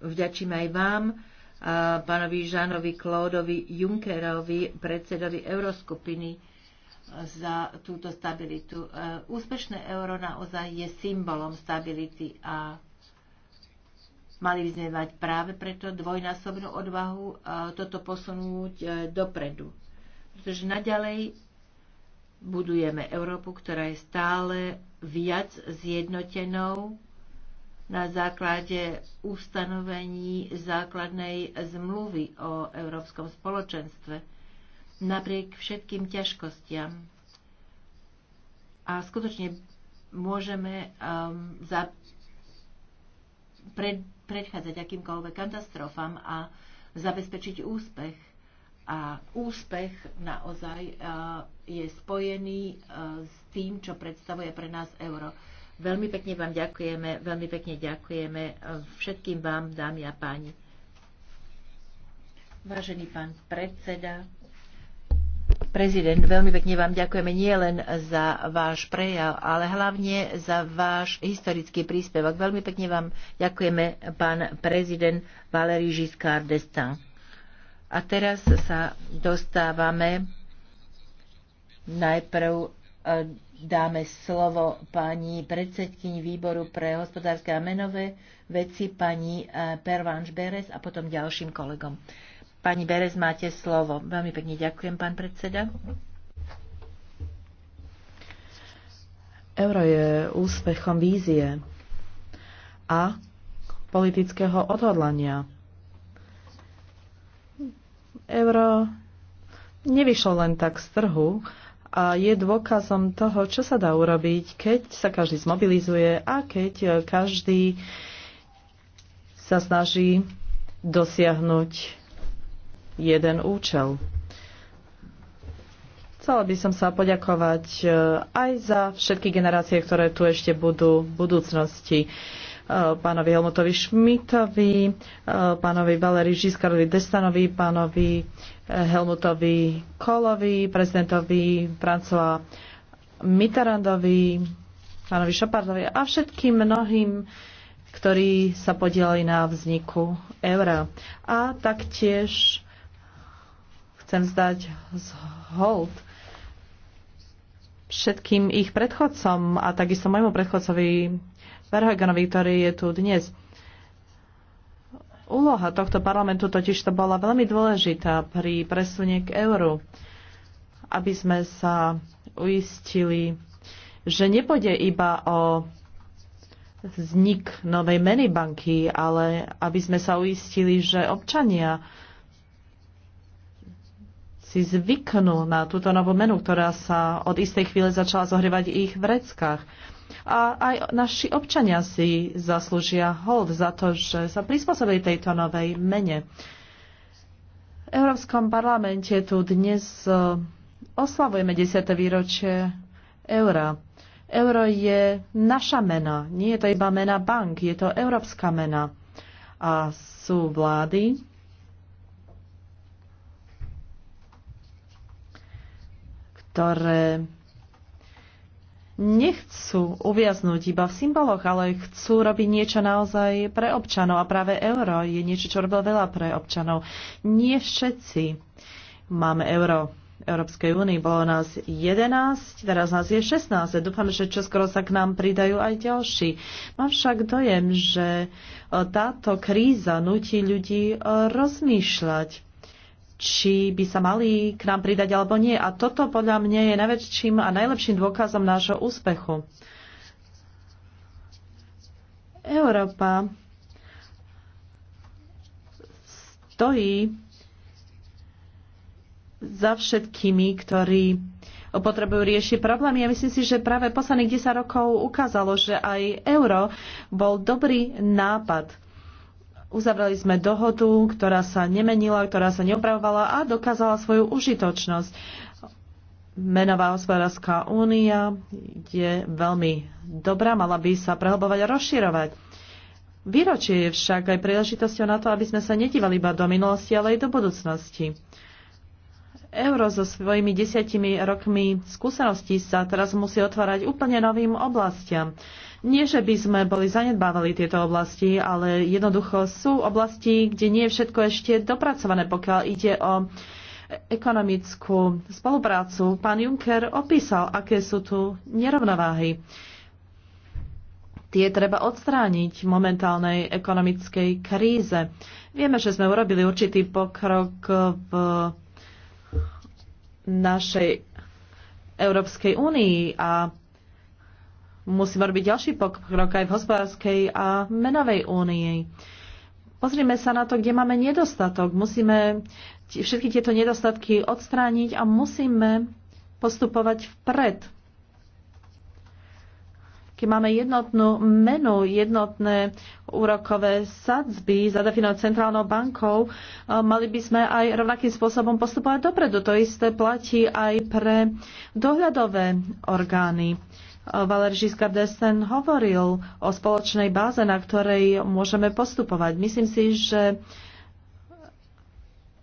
Vďačím aj vám, pánovi Žánovi Klódovi Junckerovi, predsedovi Euroskupiny, za túto stabilitu. E, úspešné euro naozaj je symbolom stability a mali by sme mať práve preto dvojnásobnú odvahu e, toto posunúť e, dopredu. Pretože naďalej budujeme Európu, ktorá je stále viac zjednotenou na základe ustanovení základnej zmluvy o Európskom spoločenstve, napriek všetkým ťažkostiam. A skutočne môžeme um, za, pred, predchádzať akýmkoľvek katastrofám a zabezpečiť úspech. A úspech naozaj uh, je spojený uh, s tým, čo predstavuje pre nás euro. Uh, Veľmi pekne vám ďakujeme, veľmi pekne ďakujeme všetkým vám, dámy a páni. Vážený pán predseda, prezident, veľmi pekne vám ďakujeme nielen za váš prejav, ale hlavne za váš historický príspevok. Veľmi pekne vám ďakujeme, pán prezident Valery Giscard d'Estaing. A teraz sa dostávame najprv eh, dáme slovo pani predsedkyni výboru pre hospodárske a menové veci, pani e, Pervanš Beres a potom ďalším kolegom. Pani Beres, máte slovo. Veľmi pekne ďakujem, pán predseda. Euro je úspechom vízie a politického odhodlania. Euro nevyšlo len tak z trhu, a je dôkazom toho, čo sa dá urobiť, keď sa každý zmobilizuje a keď e, každý sa snaží dosiahnuť jeden účel. Chcela by som sa poďakovať e, aj za všetky generácie, ktoré tu ešte budú v budúcnosti pánovi Helmutovi Šmitovi, pánovi Valery Žiskarovi Destanovi, pánovi eh, Helmutovi Kolovi, prezidentovi Francoa Mitterandovi, pánovi Šopardovi a všetkým mnohým, ktorí sa podielali na vzniku eura. A taktiež chcem zdať z hold všetkým ich predchodcom a takisto môjmu predchodcovi Verhoganovi, ktorý je tu dnes. Úloha tohto parlamentu totiž to bola veľmi dôležitá pri presunie k euru, aby sme sa uistili, že nepôjde iba o vznik novej meny banky, ale aby sme sa uistili, že občania si zvyknú na túto novú menu, ktorá sa od istej chvíle začala zohrievať ich v reckách a aj naši občania si zaslúžia hold za to, že sa prispôsobili tejto novej mene. V Európskom parlamente tu dnes e, oslavujeme 10. výročie eura. Euro je naša mena, nie je to iba mena bank, je to európska mena. A sú vlády, ktoré nechcú uviaznúť iba v symboloch, ale chcú robiť niečo naozaj pre občanov. A práve euro je niečo, čo robil veľa pre občanov. Nie všetci máme euro. Európskej únii bolo nás 11, teraz nás je 16. dúfam, že čoskoro sa k nám pridajú aj ďalší. Mám však dojem, že e, táto kríza nutí ľudí e, rozmýšľať či by sa mali k nám pridať alebo nie. A toto podľa mňa je najväčším a najlepším dôkazom nášho úspechu. Európa stojí za všetkými, ktorí potrebujú riešiť problémy. Ja myslím si, že práve posledných 10 rokov ukázalo, že aj euro bol dobrý nápad Uzavreli sme dohodu, ktorá sa nemenila, ktorá sa neopravovala a dokázala svoju užitočnosť. Menová hospodárska únia je veľmi dobrá, mala by sa prehlbovať a rozširovať. Výročie je však aj príležitosťou na to, aby sme sa nedívali iba do minulosti, ale aj do budúcnosti. Euro so svojimi desiatimi rokmi skúseností sa teraz musí otvárať úplne novým oblastiam. Nie, že by sme boli zanedbávali tieto oblasti, ale jednoducho sú oblasti, kde nie je všetko ešte dopracované, pokiaľ ide o ekonomickú spoluprácu. Pán Juncker opísal, aké sú tu nerovnováhy. Tie treba odstrániť v momentálnej ekonomickej kríze. Vieme, že sme urobili určitý pokrok v našej Európskej únii a musíme robiť ďalší pokrok aj v hospodárskej a menovej únii. Pozrime sa na to, kde máme nedostatok. Musíme všetky tieto nedostatky odstrániť a musíme postupovať vpred. Keď máme jednotnú menu, jednotné úrokové sadzby zadefinované centrálnou bankou, eh, mali by sme aj rovnakým spôsobom postupovať dopredu. To isté platí aj pre dohľadové orgány Valer Giscard d'Estaing hovoril o spoločnej báze, na ktorej môžeme postupovať. Myslím si, že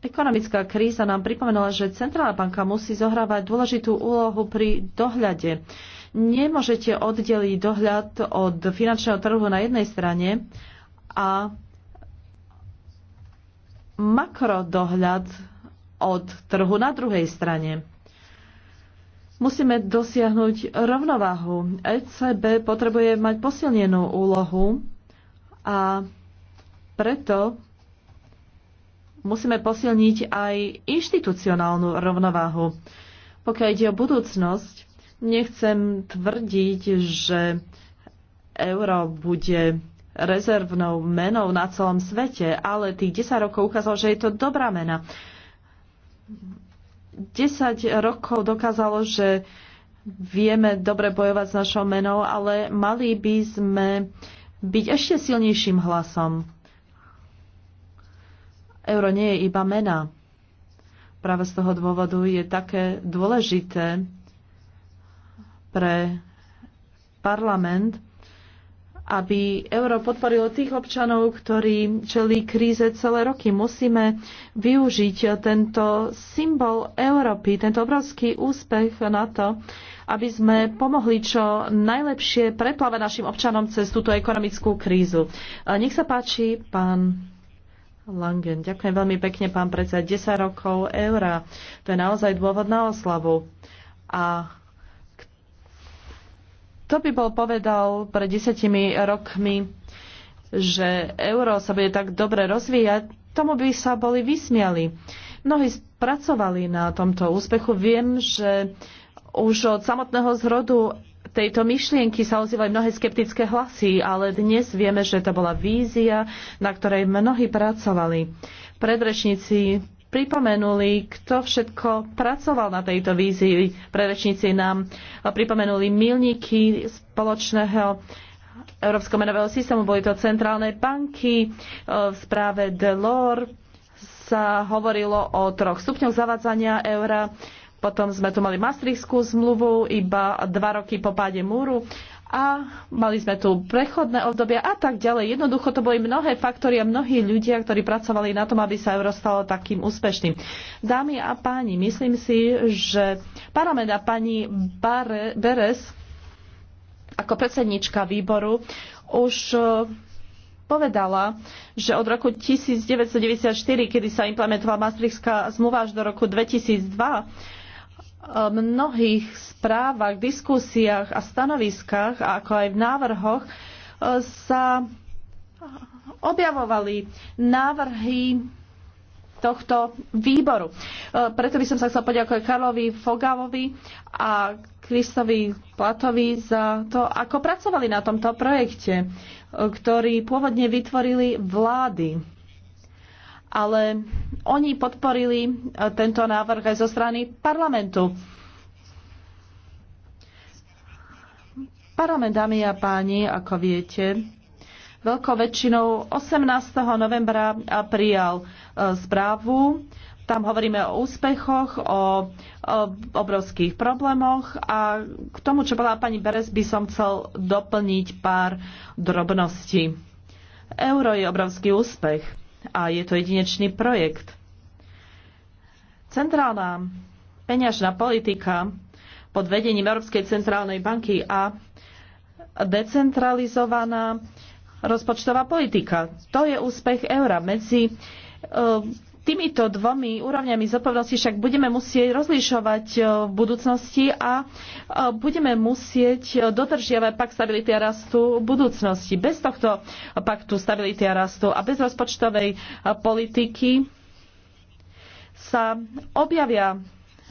ekonomická kríza nám pripomenula, že Centrálna banka musí zohrávať dôležitú úlohu pri dohľade. Nemôžete oddeliť dohľad od finančného trhu na jednej strane a makrodohľad od trhu na druhej strane Musíme dosiahnuť rovnováhu. ECB potrebuje mať posilnenú úlohu a preto musíme posilniť aj inštitucionálnu rovnováhu. Pokiaľ ide o budúcnosť, nechcem tvrdiť, že euro bude rezervnou menou na celom svete, ale tých 10 rokov ukázalo, že je to dobrá mena. 10 rokov dokázalo, že vieme dobre bojovať s našou menou, ale mali by sme byť ešte silnejším hlasom. Euro nie je iba mena. Práve z toho dôvodu je také dôležité pre parlament, aby euro podporilo tých občanov, ktorí čelí kríze celé roky. Musíme využiť tento symbol Európy, tento obrovský úspech na to, aby sme pomohli čo najlepšie preplávať našim občanom cez túto ekonomickú krízu. Nech sa páči, pán Langen. Ďakujem veľmi pekne, pán predseda. 10 rokov eura. To je naozaj dôvod na oslavu. A kto by bol povedal pred desiatimi rokmi, že euro sa bude tak dobre rozvíjať, tomu by sa boli vysmiali. Mnohí pracovali na tomto úspechu. Viem, že už od samotného zrodu tejto myšlienky sa ozývali mnohé skeptické hlasy, ale dnes vieme, že to bola vízia, na ktorej mnohí pracovali. Predrečníci pripomenuli, kto všetko pracoval na tejto vízii. Prerečníci nám pripomenuli milníky spoločného Európskeho menového systému. Boli to centrálne banky, e, v správe Delors sa hovorilo o troch stupňoch zavádzania eura, potom sme tu mali Maastrichtskú zmluvu iba dva roky po páde múru a mali sme tu prechodné obdobia a tak ďalej. Jednoducho to boli mnohé faktory a mnohí ľudia, ktorí pracovali na tom, aby sa euro stalo takým úspešným. Dámy a páni, myslím si, že parlament a pani Bare, Beres ako predsednička výboru už e, povedala, že od roku 1994, kedy sa implementovala Maastrichtská zmluva až do roku 2002, mnohých správach, diskusiách a stanoviskách, ako aj v návrhoch, e, sa objavovali návrhy tohto výboru. E, preto by som sa chcel poďakovať Karlovi Fogavovi a Kristovi Platovi za to, ako pracovali na tomto projekte, e, ktorý pôvodne vytvorili vlády ale oni podporili e, tento návrh aj zo strany parlamentu. Parlament, dámy a páni, ako viete, veľkou väčšinou 18. novembra prijal e, správu. Tam hovoríme o úspechoch, o, obrovských problémoch a k tomu, čo bola pani Beres, by som chcel doplniť pár drobností. Euro je obrovský úspech a je to jedinečný projekt. Centrálna peňažná politika pod vedením Európskej centrálnej banky a decentralizovaná rozpočtová politika. To je úspech eura. Medzi eh, týmito dvomi úrovňami zodpovednosti však budeme musieť rozlišovať e, v budúcnosti a e, budeme musieť dodržiavať pak stability a rastu v budúcnosti. Bez tohto paktu stability a rastu a bez rozpočtovej e, politiky sa objavia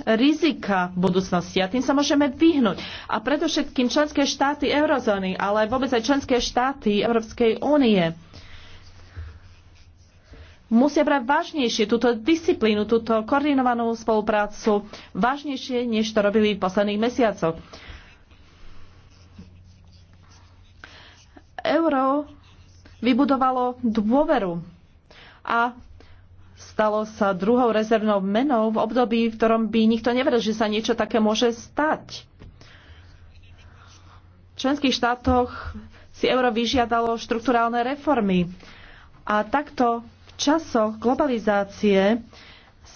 rizika v budúcnosti a tým sa môžeme vyhnúť. A predovšetkým členské štáty eurozóny, ale vôbec aj členské štáty Európskej únie musia brať vážnejšie túto disciplínu, túto koordinovanú spoluprácu vážnejšie, než to robili v posledných mesiacoch. Euro vybudovalo dôveru a stalo sa druhou rezervnou menou v období, v ktorom by nikto neveril, že sa niečo také môže stať. V členských štátoch si euro vyžiadalo štruktúrálne reformy a takto časoch globalizácie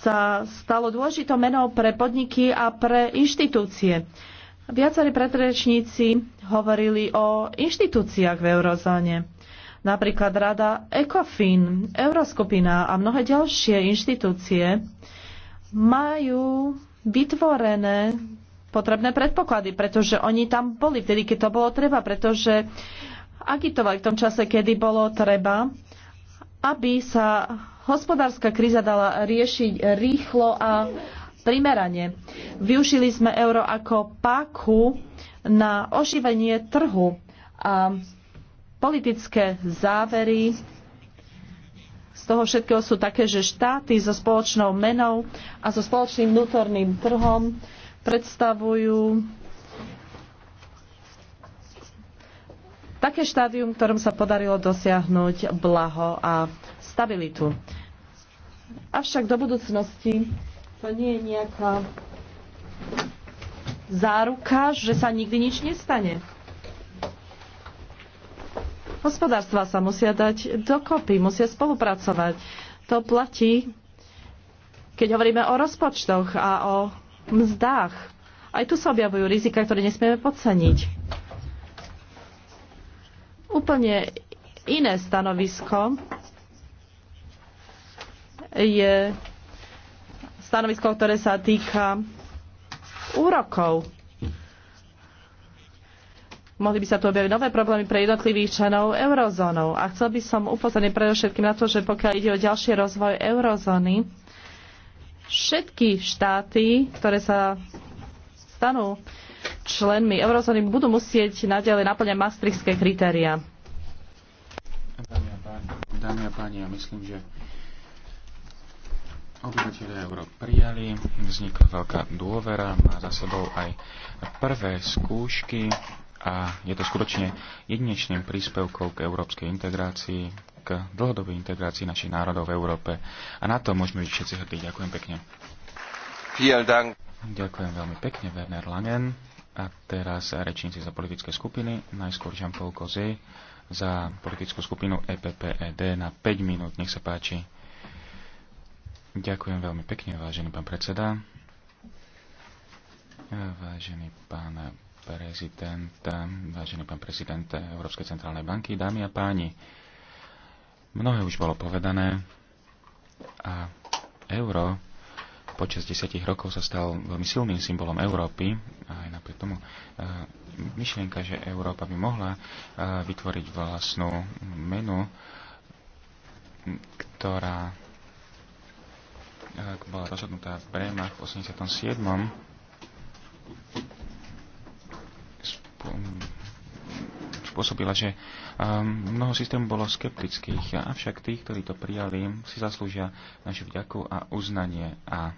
sa stalo dôležitou menou pre podniky a pre inštitúcie. Viacerí predrečníci hovorili o inštitúciách v eurozóne. Napríklad Rada ECOFIN, Euroskupina a mnohé ďalšie inštitúcie majú vytvorené potrebné predpoklady, pretože oni tam boli vtedy, keď to bolo treba, pretože agitovali v tom čase, kedy bolo treba aby sa hospodárska kríza dala riešiť rýchlo a primerane. Využili sme euro ako páku na oživenie trhu a politické závery z toho všetkého sú také, že štáty so spoločnou menou a so spoločným vnútorným trhom predstavujú také štádium, ktorom sa podarilo dosiahnuť blaho a stabilitu. Avšak do budúcnosti to nie je nejaká záruka, že sa nikdy nič nestane. Hospodárstva sa musia dať dokopy, musia spolupracovať. To platí, keď hovoríme o rozpočtoch a o mzdách. Aj tu sa objavujú rizika, ktoré nesmieme podceniť úplne iné stanovisko. Je stanovisko, ktoré sa týka úrokov. Mohli by sa tu objaviť nové problémy pre jednotlivých členov eurozónov. A chcel by som upozorniť predovšetkým na to, že pokiaľ ide o ďalší rozvoj eurozóny, všetky štáty, ktoré sa stanú členmi eurozóny budú musieť naďalej naplňať maastrichtské kritéria. Dámy a páni, ja myslím, že obyvateľe euro prijali, vznikla veľká dôvera, má za sebou aj prvé skúšky a je to skutočne jedinečným príspevkom k európskej integrácii, k dlhodobej integrácii našich národov v Európe. A na to môžeme byť všetci hrdí. Ďakujem pekne. Ďakujem veľmi pekne, Werner Langen. A teraz rečníci za politické skupiny, najskôr Jean-Paul Kozy za politickú skupinu EPPED na 5 minút, nech sa páči. Ďakujem veľmi pekne, vážený pán predseda. Vážený pán prezident, vážený pán prezident Európskej centrálnej banky, dámy a páni, mnohé už bolo povedané a euro počas desiatich rokov sa stal veľmi silným symbolom Európy aj napriek tomu e, myšlienka, že Európa by mohla e, vytvoriť vlastnú menu, ktorá e, bola rozhodnutá v Brémach v 87. spôsobila, že mnoho systémov bolo skeptických, avšak tí, ktorí to prijali, si zaslúžia našu vďaku a uznanie. A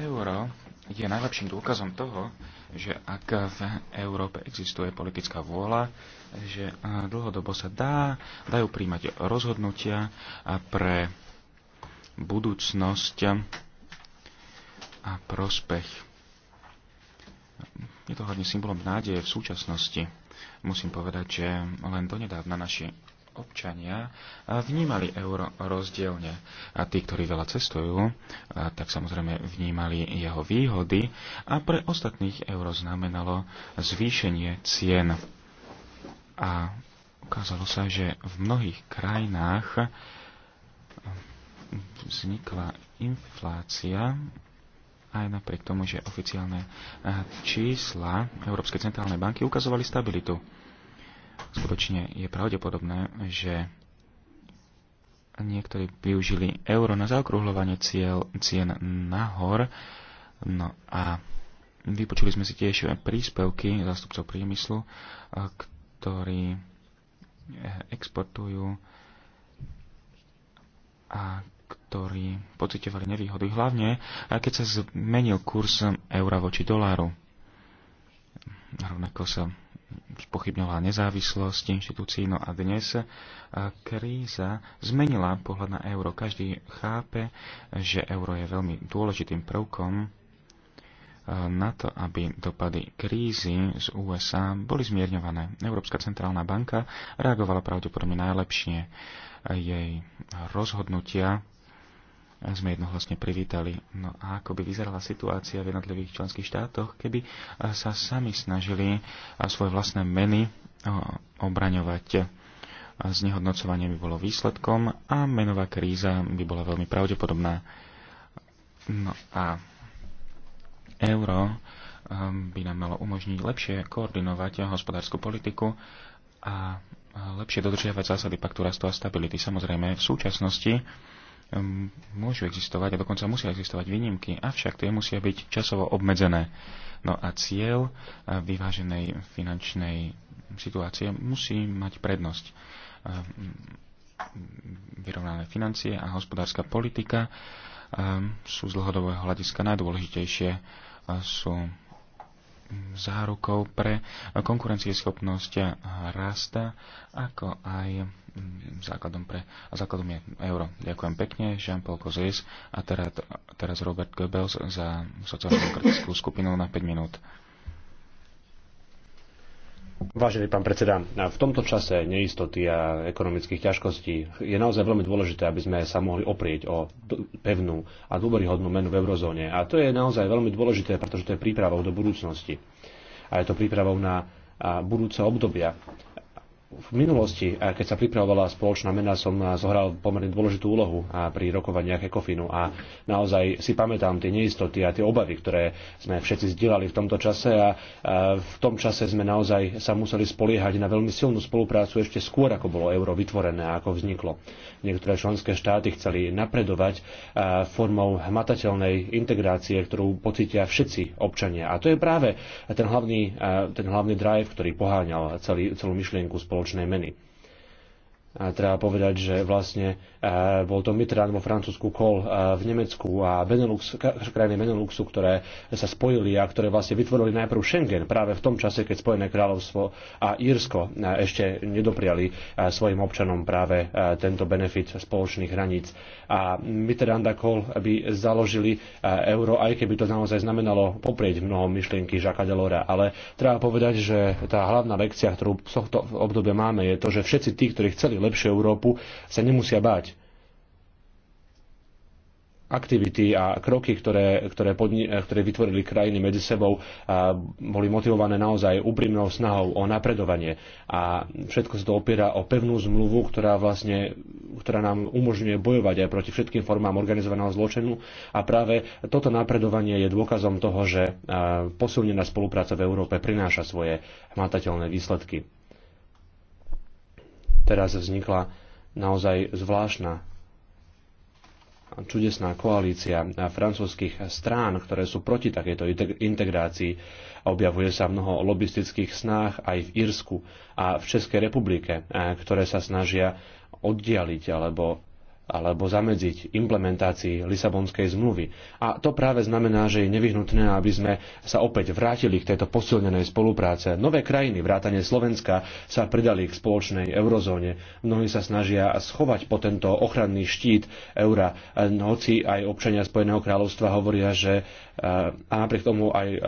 euro je najlepším dôkazom toho, že ak v Európe existuje politická vôľa, že dlhodobo sa dá, dajú príjmať rozhodnutia pre budúcnosť a prospech. Je to hlavne symbolom nádeje v súčasnosti. Musím povedať, že len donedávna naši občania vnímali euro rozdielne. A tí, ktorí veľa cestujú, tak samozrejme vnímali jeho výhody a pre ostatných euro znamenalo zvýšenie cien. A ukázalo sa, že v mnohých krajinách vznikla inflácia aj napriek tomu, že oficiálne čísla Európskej centrálnej banky ukazovali stabilitu. Skutočne je pravdepodobné, že niektorí využili euro na zaokrúhľovanie cien nahor. No a vypočuli sme si tiež príspevky zástupcov priemyslu, ktorí eh, exportujú a ktorí pocitovali nevýhody, hlavne eh, keď sa zmenil kurz eura voči doláru. Rovnako sa spochybňovala nezávislosť inštitúcií. No a dnes eh, kríza zmenila pohľad na euro. Každý chápe, že euro je veľmi dôležitým prvkom eh, na to, aby dopady krízy z USA boli zmierňované. Európska centrálna banka reagovala pravdepodobne najlepšie. Jej rozhodnutia sme jednohlasne privítali. No a ako by vyzerala situácia v jednotlivých členských štátoch, keby e, sa sami snažili e, svoje vlastné meny e, obraňovať. Znehodnocovanie by bolo výsledkom a menová kríza by bola veľmi pravdepodobná. No a euro by nám malo umožniť lepšie koordinovať hospodárskú politiku a lepšie dodržiavať zásady paktu rastu a stability. Samozrejme, v súčasnosti môžu existovať a dokonca musia existovať výnimky, avšak tie musia byť časovo obmedzené. No a cieľ vyváženej finančnej situácie musí mať prednosť. Vyrovnané financie a hospodárska politika sú z dlhodobého hľadiska najdôležitejšie, sú zárukou pre konkurencieschopnosť rasta, ako aj mm, základom, pre, základom je euro. Ďakujem pekne, Jean-Paul Kozis a teraz, teraz Robert Goebbels za sociálnu demokratickú skupinu na 5 minút. Vážený pán predseda, v tomto čase neistoty a ekonomických ťažkostí je naozaj veľmi dôležité, aby sme sa mohli oprieť o pevnú a dôveryhodnú menu v eurozóne. A to je naozaj veľmi dôležité, pretože to je prípravou do budúcnosti. A je to prípravou na budúce obdobia v minulosti, keď sa pripravovala spoločná mena, som zohral pomerne dôležitú úlohu pri rokovaniach Ekofinu a naozaj si pamätám tie neistoty a tie obavy, ktoré sme všetci zdieľali v tomto čase a v tom čase sme naozaj sa museli spoliehať na veľmi silnú spoluprácu ešte skôr, ako bolo euro vytvorené a ako vzniklo. Niektoré členské štáty chceli napredovať formou hmatateľnej integrácie, ktorú pocítia všetci občania. A to je práve ten hlavný, ten hlavný drive, ktorý poháňal celý, celú myšlienku spoločnosti spoločnej meny. A treba povedať, že vlastne e, bol to Mitterrand vo Francúzsku, kol e, v Nemecku a Benelux, krajiny Beneluxu, ktoré sa spojili a ktoré vlastne vytvorili najprv Schengen práve v tom čase, keď Spojené kráľovstvo a Írsko e, ešte nedopriali svojim občanom práve tento benefit spoločných hraníc. A Mitterrand a Kol by založili euro, aj keby to naozaj znamenalo poprieť mnoho myšlienky Žaka Delora. Ale treba povedať, že tá hlavná lekcia, ktorú v tohto obdobie máme, je to, že všetci tí, ktorí chceli lepšiu Európu, sa nemusia báť aktivity a kroky, ktoré, ktoré, podni- eh, ktoré vytvorili krajiny medzi sebou, a eh, boli motivované naozaj úprimnou snahou o napredovanie. A všetko sa to opiera o pevnú zmluvu, ktorá, vlastne, ktorá nám umožňuje bojovať aj proti všetkým formám organizovaného zločinu. A práve toto napredovanie je dôkazom toho, že eh, posilnená spolupráca v Európe prináša svoje hmatateľné výsledky teraz vznikla naozaj zvláštna čudesná koalícia francúzskych strán, ktoré sú proti takejto integrácii. Objavuje sa mnoho lobistických snách aj v Írsku a v Českej republike, eh, ktoré sa snažia oddialiť alebo alebo zamedziť implementácii Lisabonskej zmluvy. A to práve znamená, že je nevyhnutné, aby sme sa opäť vrátili k tejto posilnenej spolupráce. Nové krajiny, vrátane Slovenska, sa pridali k spoločnej eurozóne. Mnohí sa snažia schovať po tento ochranný štít eura, no, hoci aj občania Spojeného kráľovstva hovoria, že eh, a napriek tomu aj eh,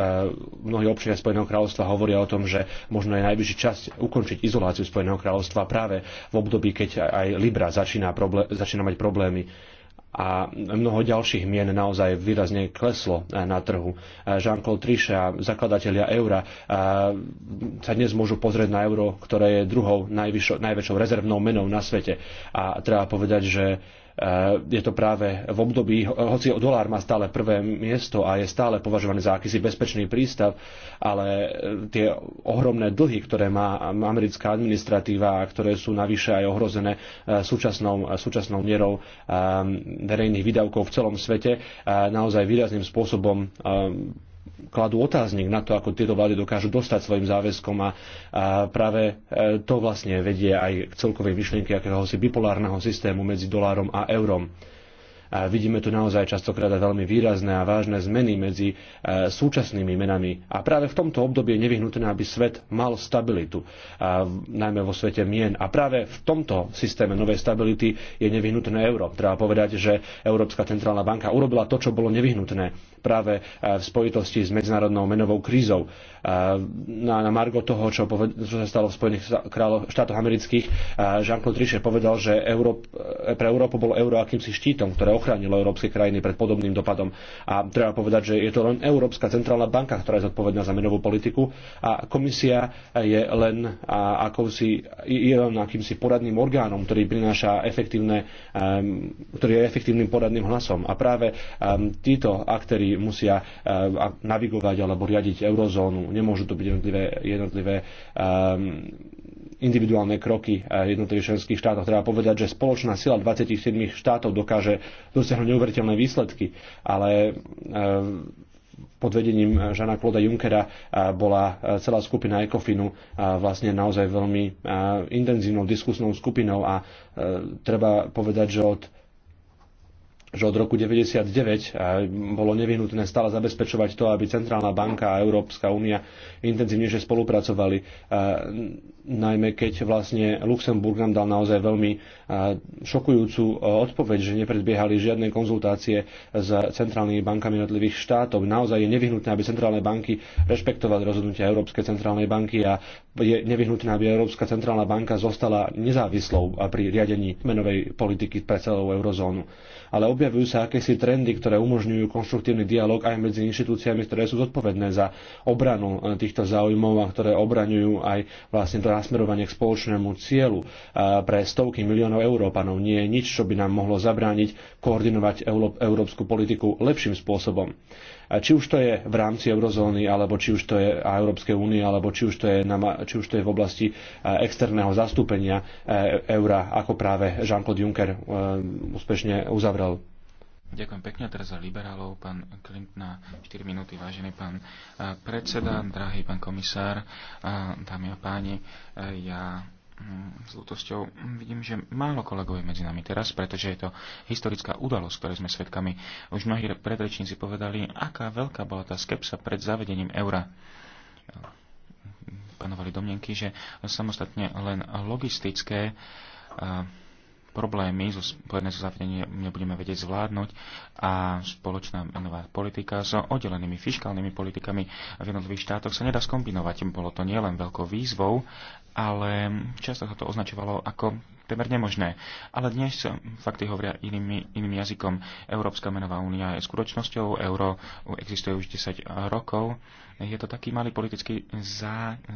mnohí občania Spojeného kráľovstva hovoria o tom, že možno je najvyšší čas ukončiť izoláciu Spojeného kráľovstva práve v období, keď aj Libra začína, problé- začína mať mať problémy a mnoho ďalších mien naozaj výrazne kleslo e, na trhu. E, Jean-Claude Trichet a zakladatelia eura e, sa dnes môžu pozrieť na euro, ktoré je druhou najvyššou, najväčšou rezervnou menou na svete. A treba povedať, že Eh, je to práve v období, hoci dolár má stále prvé miesto a je stále považovaný za akýsi bezpečný prístav, ale eh, tie ohromné dlhy, ktoré má americká administratíva a ktoré sú navyše aj ohrozené eh, súčasnou, súčasnou mierou verejných výdavkov v celom svete, naozaj výrazným spôsobom kladú otáznik na to, ako tieto vlády dokážu dostať svojim záväzkom a, a práve e, to vlastne vedie aj k celkovej myšlienke akéhosi bipolárneho systému medzi dolárom a eurom. A vidíme tu naozaj častokrát veľmi výrazné a vážne zmeny medzi e, súčasnými menami. A práve v tomto období je nevyhnutné, aby svet mal stabilitu, a najmä vo svete mien. A práve v tomto systéme novej stability je nevyhnutné euro. Treba povedať, že Európska centrálna banka urobila to, čo bolo nevyhnutné práve e, v spojitosti s medzinárodnou menovou krízou. Na, na margo toho, čo, poved- čo sa stalo v Spojených štátoch amerických, Jean-Claude Trichet povedal, že Európ- e, pre Európu bolo euro akýmsi štítom, ktoré ochránilo európske krajiny pred podobným dopadom. A treba povedať, že je to len Európska centrálna banka, ktorá je zodpovedná za menovú politiku a komisia je len akousi, je len akýmsi poradným orgánom, ktorý prináša efektívne, ktorý je efektívnym poradným hlasom. A práve títo aktéry musia navigovať alebo riadiť eurozónu. Nemôžu to byť jednotlivé, jednotlivé individuálne kroky jednotlivých členských štátov. Treba povedať, že spoločná sila 27 štátov dokáže dosiahnuť neuveriteľné výsledky, ale eh, pod vedením Žana Kloda Junckera eh, bola eh, celá skupina Ecofinu vlastne naozaj veľmi intenzívnou diskusnou skupinou a treba povedať, že od že od roku 99 bolo nevyhnutné stále zabezpečovať to, aby Centrálna banka a Európska únia intenzívnejšie spolupracovali najmä keď vlastne Luxemburg nám dal naozaj veľmi šokujúcu odpoveď, že nepredbiehali žiadne konzultácie s centrálnymi bankami jednotlivých štátov. Naozaj je nevyhnutné, aby centrálne banky rešpektovali rozhodnutia Európskej centrálnej banky a je nevyhnutné, aby Európska centrálna banka zostala nezávislou pri riadení menovej politiky pre celú eurozónu. Ale objavujú sa akési trendy, ktoré umožňujú konštruktívny dialog aj medzi inštitúciami, ktoré sú zodpovedné za obranu e, týchto záujmov a ktoré obraňujú aj vlastne nasmerovanie k spoločnému cieľu pre stovky miliónov Európanov nie je nič, čo by nám mohlo zabrániť koordinovať európsku politiku lepším spôsobom či už to je v rámci eurozóny, alebo či už to je a Európskej únie, alebo či už, to je na, či už to je v oblasti externého zastúpenia eura, ako práve Jean-Claude Juncker úspešne uzavrel. Ďakujem pekne teraz za liberálov, pán Klimt na 4 minúty, vážený pán eh, predseda, drahý pán komisár, eh, dámy a páni, eh, ja hm, s ľutosťou vidím, že málo kolegov je medzi nami teraz, pretože je to historická udalosť, ktorej sme svedkami. Už mnohí predrečníci povedali, aká veľká bola tá skepsa pred zavedením eura panovali domnenky, že samostatne len logistické problémy spojené so zavedením nebudeme vedieť zvládnuť a spoločná menová politika s oddelenými fiskálnymi politikami v jednotlivých štátoch sa nedá skombinovať. Bolo to nielen veľkou výzvou, ale často sa to označovalo ako temer nemožné. Ale dnes eh, fakty hovoria iným, iným jazykom. Európska menová únia je skutočnosťou, euro existuje už 10 rokov. Je to taký malý politický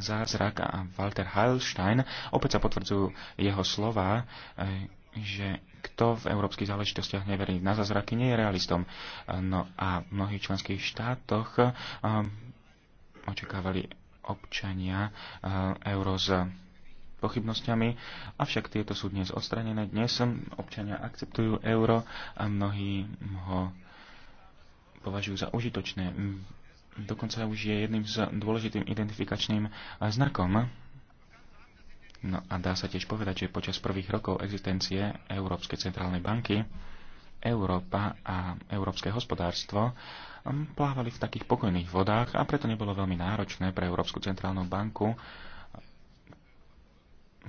zázrak a Walter Heilstein opäť sa potvrdzujú jeho slova, eh, že kto v európskych záležitostiach neverí na zázraky, nie je realistom. Eh, no a v mnohých členských štátoch um, očakávali občania uh, euro z pochybnosťami, avšak tieto sú dnes odstranené. Dnes občania akceptujú euro a mnohí ho považujú za užitočné. Dokonca už je jedným z dôležitým identifikačným znakom. No a dá sa tiež povedať, že počas prvých rokov existencie Európskej centrálnej banky Európa a európske hospodárstvo um, plávali v takých pokojných vodách a preto nebolo veľmi náročné pre Európsku centrálnu banku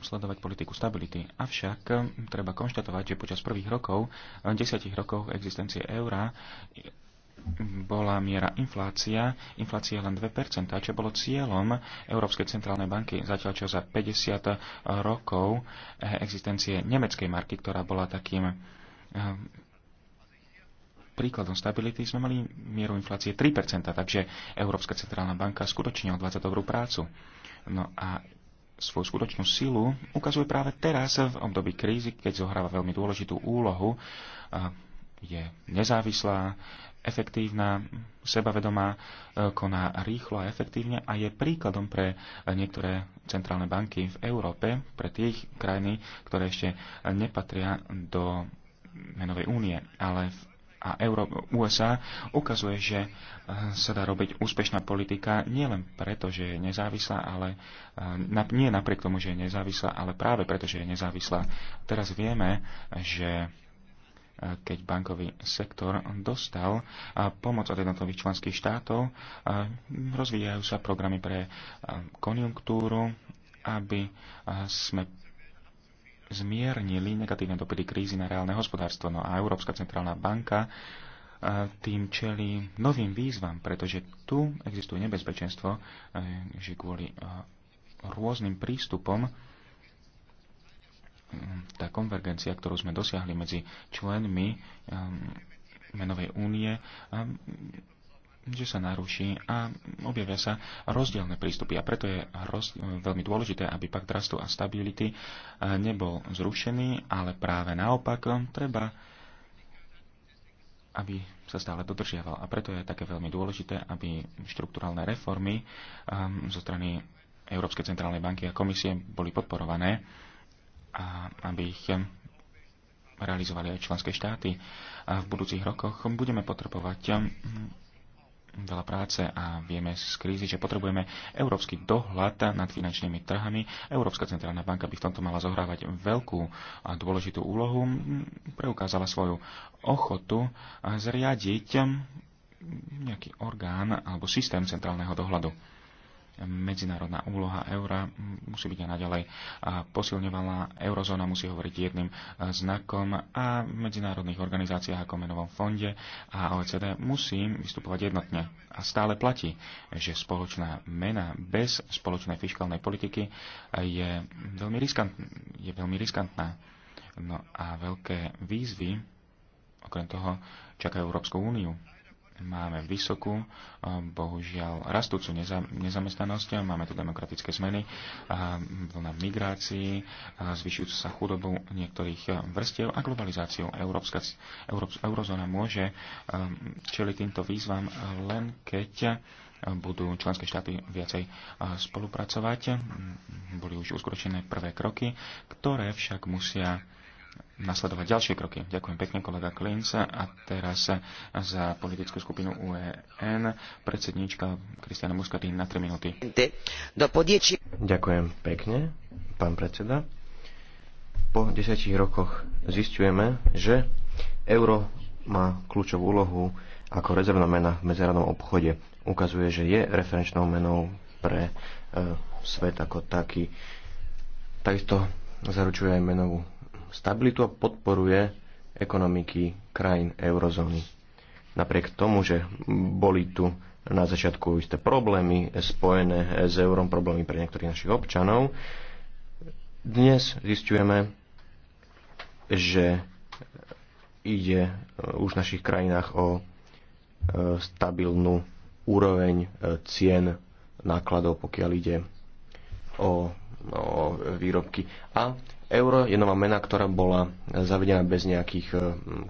sledovať politiku stability. Avšak eh, treba konštatovať, že počas prvých rokov, eh, desiatich rokov existencie eura eh, bola miera inflácia, inflácia len 2%, čo bolo cieľom Európskej centrálnej banky, zatiaľ čo za 50 rokov existencie nemeckej marky, ktorá bola takým príkladom stability sme mali mieru inflácie 3%, takže Európska centrálna banka skutočne odvádza dobrú prácu. No a svoju skutočnú silu ukazuje práve teraz v období krízy, keď zohráva veľmi dôležitú úlohu. Je nezávislá, efektívna, sebavedomá, e, koná rýchlo a efektívne a je príkladom pre niektoré centrálne banky v Európe, pre tých krajiny, ktoré ešte nepatria do menovej únie. Ale v a Euró- USA ukazuje, že eh, sa dá robiť úspešná politika nielen preto, že je nezávislá, ale eh, nie napriek tomu, že je nezávislá, ale práve preto, že je nezávislá. Teraz vieme, že eh, keď bankový sektor dostal pomoc od jednotlivých členských štátov. Rozvíjajú sa programy pre konjunktúru, aby sme zmiernili negatívne dopady krízy na reálne hospodárstvo. No a Európska centrálna banka e, tým čeli novým výzvam, pretože tu existuje nebezpečenstvo, e, že kvôli e, rôznym prístupom tá konvergencia, ktorú sme dosiahli medzi členmi menovej únie, že sa naruší a objavia sa rozdielne prístupy. A preto je roz, veľmi dôležité, aby pakt rastu a stability e, nebol zrušený, ale práve naopak treba, aby sa stále dodržiaval. A preto je také veľmi dôležité, aby štrukturálne reformy e, zo strany Európskej centrálnej banky a komisie boli podporované a aby ich realizovali aj členské štáty. A v budúcich rokoch budeme potrebovať veľa práce a vieme z krízy, že potrebujeme európsky dohľad nad finančnými trhami. Európska centrálna banka by v tomto mala zohrávať veľkú a dôležitú úlohu. Preukázala svoju ochotu zriadiť nejaký orgán alebo systém centrálneho dohľadu medzinárodná úloha eura musí byť aj naďalej posilňovaná. Eurozóna musí hovoriť jedným e, znakom a v medzinárodných organizáciách ako Menovom fonde a OECD musí vystupovať jednotne. A stále platí, že spoločná mena bez spoločnej fiskálnej politiky e, je veľmi, riskant, je veľmi riskantná. No a veľké výzvy okrem toho čakajú Európsku úniu máme vysokú, eh, bohužiaľ rastúcu nezamestnanosť, máme tu demokratické zmeny, eh, vlna migrácií, eh, zvyšujúcu sa chudobu niektorých vrstiev a globalizáciu. Európska, eurozóna môže čeliť týmto výzvam len keď budú členské štáty viacej spolupracovať. Boli už uskročené prvé kroky, ktoré však musia nasledovať ďalšie kroky. Ďakujem pekne kolega Klinc a teraz za politickú skupinu UEN predsedníčka Kristiana Muscatini na 3 minúty. Ďakujem pekne, pán predseda. Po desiatich rokoch zistujeme, že euro má kľúčovú úlohu ako rezervná mena v medzinárodnom obchode. Ukazuje, že je referenčnou menou pre e, svet ako taký. Takisto zaručuje aj menovú stabilitu a podporuje ekonomiky krajín eurozóny. Napriek tomu, že boli tu na začiatku isté problémy spojené s eurom, problémy pre niektorých našich občanov, dnes zistujeme, že ide e, už v našich krajinách o e, stabilnú úroveň e, cien nákladov, pokiaľ ide o, o výrobky. A euro, je nová mena, ktorá bola zavedená bez nejakých eh,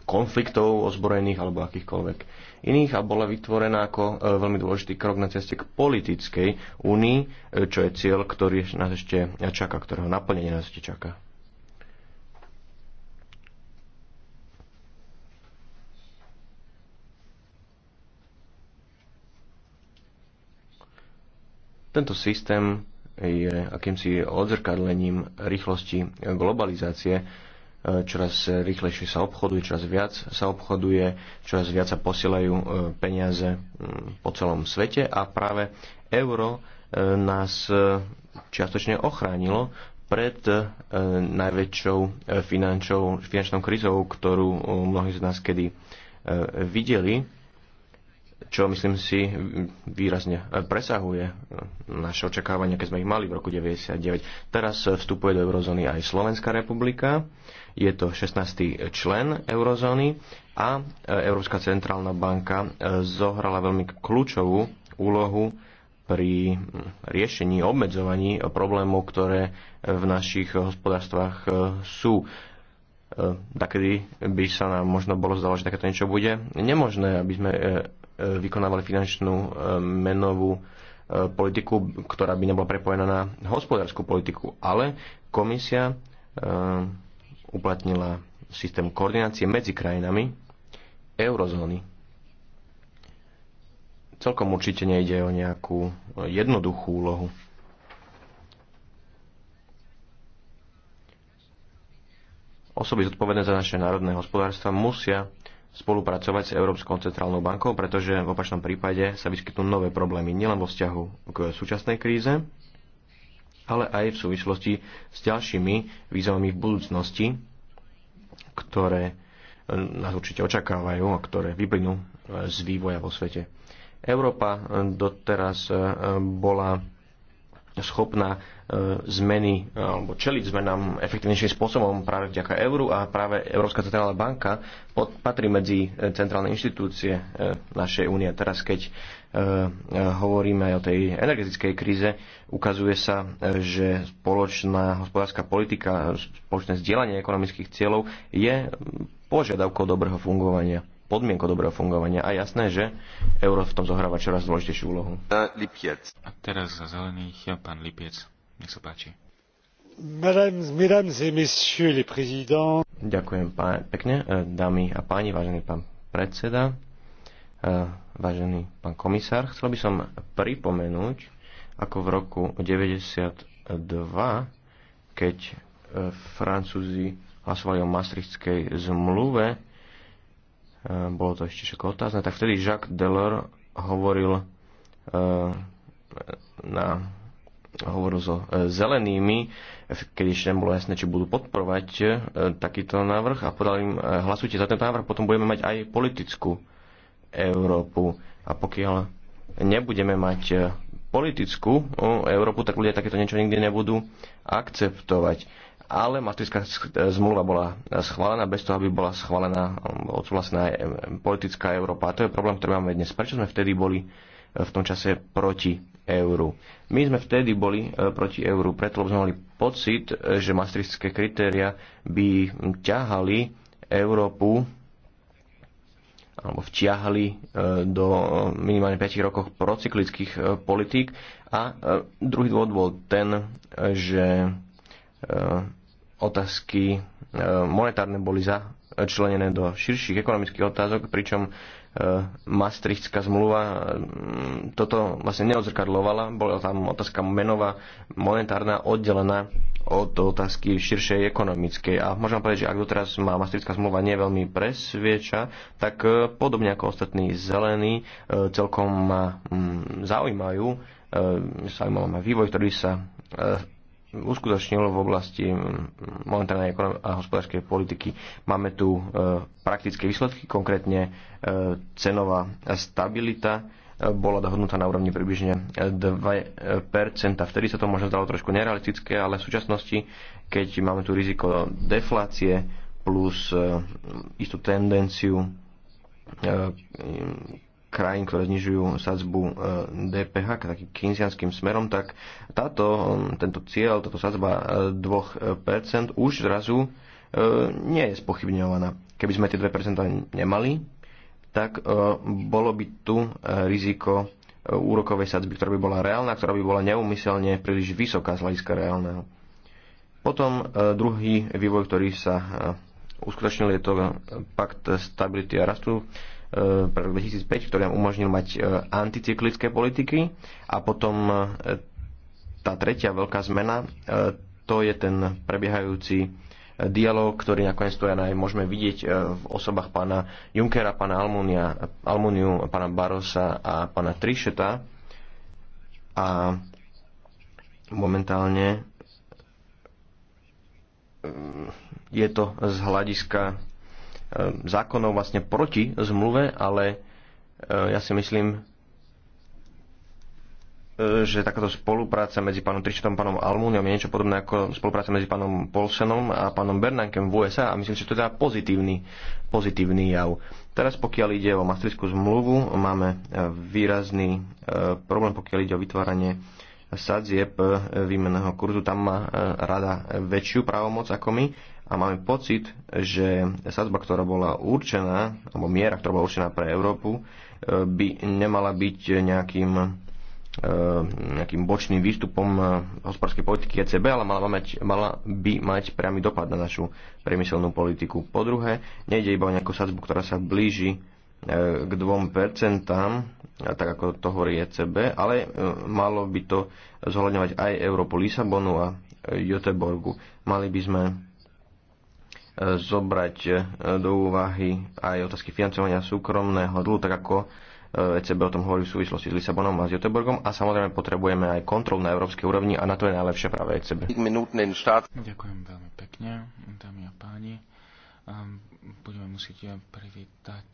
konfliktov ozbrojených alebo akýchkoľvek iných a bola vytvorená ako eh, veľmi dôležitý krok na ceste k politickej únii, eh, čo je cieľ, ktorý nás ešte čaká, ktorého naplnenie nás ešte čaká. Tento systém je akýmsi odzrkadlením rýchlosti globalizácie. E, čoraz rýchlejšie sa obchoduje, čoraz viac sa obchoduje, čoraz viac sa posielajú e, peniaze po celom svete a práve euro e, nás čiastočne ochránilo pred najväčšou finančnou, krízou, krizou, ktorú mnohí z nás kedy videli čo myslím si výrazne eh, presahuje eh, naše očakávania, keď sme ich mali v roku 99. Teraz eh, vstupuje do eurozóny aj Slovenská republika, je to 16. člen eurozóny a Európska centrálna banka zohrala veľmi kľúčovú úlohu pri hm, riešení, obmedzovaní problémov, ktoré v našich hospodárstvách sú takedy by sa nám možno bolo zdalo, že takéto niečo bude nemožné, aby sme E, vykonávali finančnú e, menovú e, politiku, ktorá by nebola prepojená na hospodárskú politiku. Ale komisia uplatnila systém koordinácie medzi krajinami eurozóny. Celkom určite nejde o nejakú jednoduchú úlohu. Osoby zodpovedné za naše národné hospodárstva musia spolupracovať s Európskou centrálnou bankou, pretože v opačnom prípade sa vyskytnú nové problémy nielen vo vzťahu k súčasnej kríze, ale aj v súvislosti s ďalšími výzvami v budúcnosti, ktoré eh, nás určite očakávajú a ktoré vyplynú eh, z vývoja vo svete. Európa eh, doteraz bola schopná E, zmeny e, alebo čeliť zmenám efektívnejším spôsobom práve vďaka euru a práve Európska centrálna banka pod, patrí medzi e, centrálne inštitúcie našej únie. Teraz, keď hovoríme aj o tej energetickej kríze, ukazuje sa, že spoločná hospodárska politika, spoločné zdieľanie ekonomických cieľov je požiadavkou dobrého fungovania podmienkou dobrého fungovania a jasné, že euro v tom zohráva čoraz dôležitejšiu úlohu. A teraz za zelených ja pán Lipiec. Nech sa páči. Ďakujem pekne, e, dámy a páni, vážený pán predseda, e, vážený pán komisár. Chcel by som pripomenúť, ako v roku 92, keď e, Francúzi hlasovali o Maastrichtskej zmluve, bolo to ešte všetko otázne, tak vtedy Jacques Delors hovoril na hovoril so e, zelenými, keď ešte nebolo jasné, či budú podporovať e, takýto návrh a podal im e, hlasujte za tento návrh, potom budeme mať aj politickú Európu. A pokiaľ nebudeme mať politickú Európu, tak ľudia takéto niečo nikdy nebudú akceptovať. Ale Maastrichtská zmluva bola schválená bez toho, aby bola schválená odsúhlasená politická Európa. A to je problém, ktorý máme dnes. Prečo sme vtedy boli v tom čase proti euru. My sme vtedy boli e, proti euru, preto sme mali pocit, e, že maastrichtské kritéria by ťahali Európu alebo vťahali e, do minimálne 5 rokov procyklických politík. A druhý dôvod bol ten, že otázky monetárne boli začlenené do širších ekonomických otázok, pričom Maastrichtská zmluva mm, toto vlastne neodzrkadlovala. Bola tam otázka menová, monetárna, oddelená od otázky širšej ekonomickej. A môžem povedať, že ak doteraz má Maastrichtská zmluva nie veľmi presvieča, tak e, podobne ako ostatní zelení e, celkom ma mm, zaujímajú, e, zaujímavá ma vývoj, ktorý sa uskutočnilo v oblasti monetárnej a hospodárskej politiky. Máme tu e, praktické výsledky, konkrétne e, cenová stabilita e, bola dohodnutá na úrovni približne 2%. Vtedy sa to možno zdalo trošku nerealistické, ale v súčasnosti, keď máme tu riziko deflácie plus istú tendenciu krajín, ktoré znižujú sadzbu e, DPH k takým kinzianským smerom, tak táto, e, tento cieľ, táto sadzba 2% e, už zrazu nie je spochybňovaná. Keby sme tie 2% nemali, tak bolo by tu riziko úrokovej sadzby, ktorá by bola reálna, ktorá by bola neumyselne príliš vysoká z hľadiska reálneho. Potom druhý vývoj, ktorý sa uskutočnil, je to pakt stability a rastu pre rok 2005, ktorý nám umožnil mať e, anticyklické politiky a potom e, tá tretia veľká zmena, e, to je ten prebiehajúci dialog, ktorý nakoniec tu aj môžeme vidieť v osobách pána Junkera, pána Almunia, Almuniu, pána Barosa a pána Trišeta. A momentálne je to z hľadiska E, zákonov vlastne proti zmluve, ale e, ja si myslím, e, že takáto spolupráca medzi pánom Tričetom a pánom Almúniom je niečo podobné ako spolupráca medzi pánom Polsenom a pánom Bernankem v USA a myslím, že to je teda pozitívny, pozitívny jav. Teraz pokiaľ ide o Maastrichtskú zmluvu, máme výrazný problém, pokiaľ ide o vytváranie sadzieb výmenného kurzu. Tam má rada väčšiu právomoc ako my a máme pocit, že sadzba, ktorá bola určená, alebo miera, ktorá bola určená pre Európu, e, by nemala byť nejakým, e, nejakým bočným výstupom e, hospodárskej politiky ECB, ale mala, mať, mala by mať priamy dopad na našu priemyselnú politiku. Po druhé, nejde iba o nejakú sadzbu, ktorá sa blíži k 2%, tak ako to hovorí ECB, ale malo by to zohľadňovať aj Európu Lisabonu a Göteborgu. Mali by sme zobrať e, do úvahy aj otázky financovania súkromného dlhu, tak ako ECB e o tom hovorí v súvislosti s Lisabonom a s Göteborgom a samozrejme potrebujeme aj kontrol na európskej úrovni a na to je najlepšie práve ECB. Ďakujem veľmi pekne, dámy a páni. Ehm, budeme musieť e, privítať,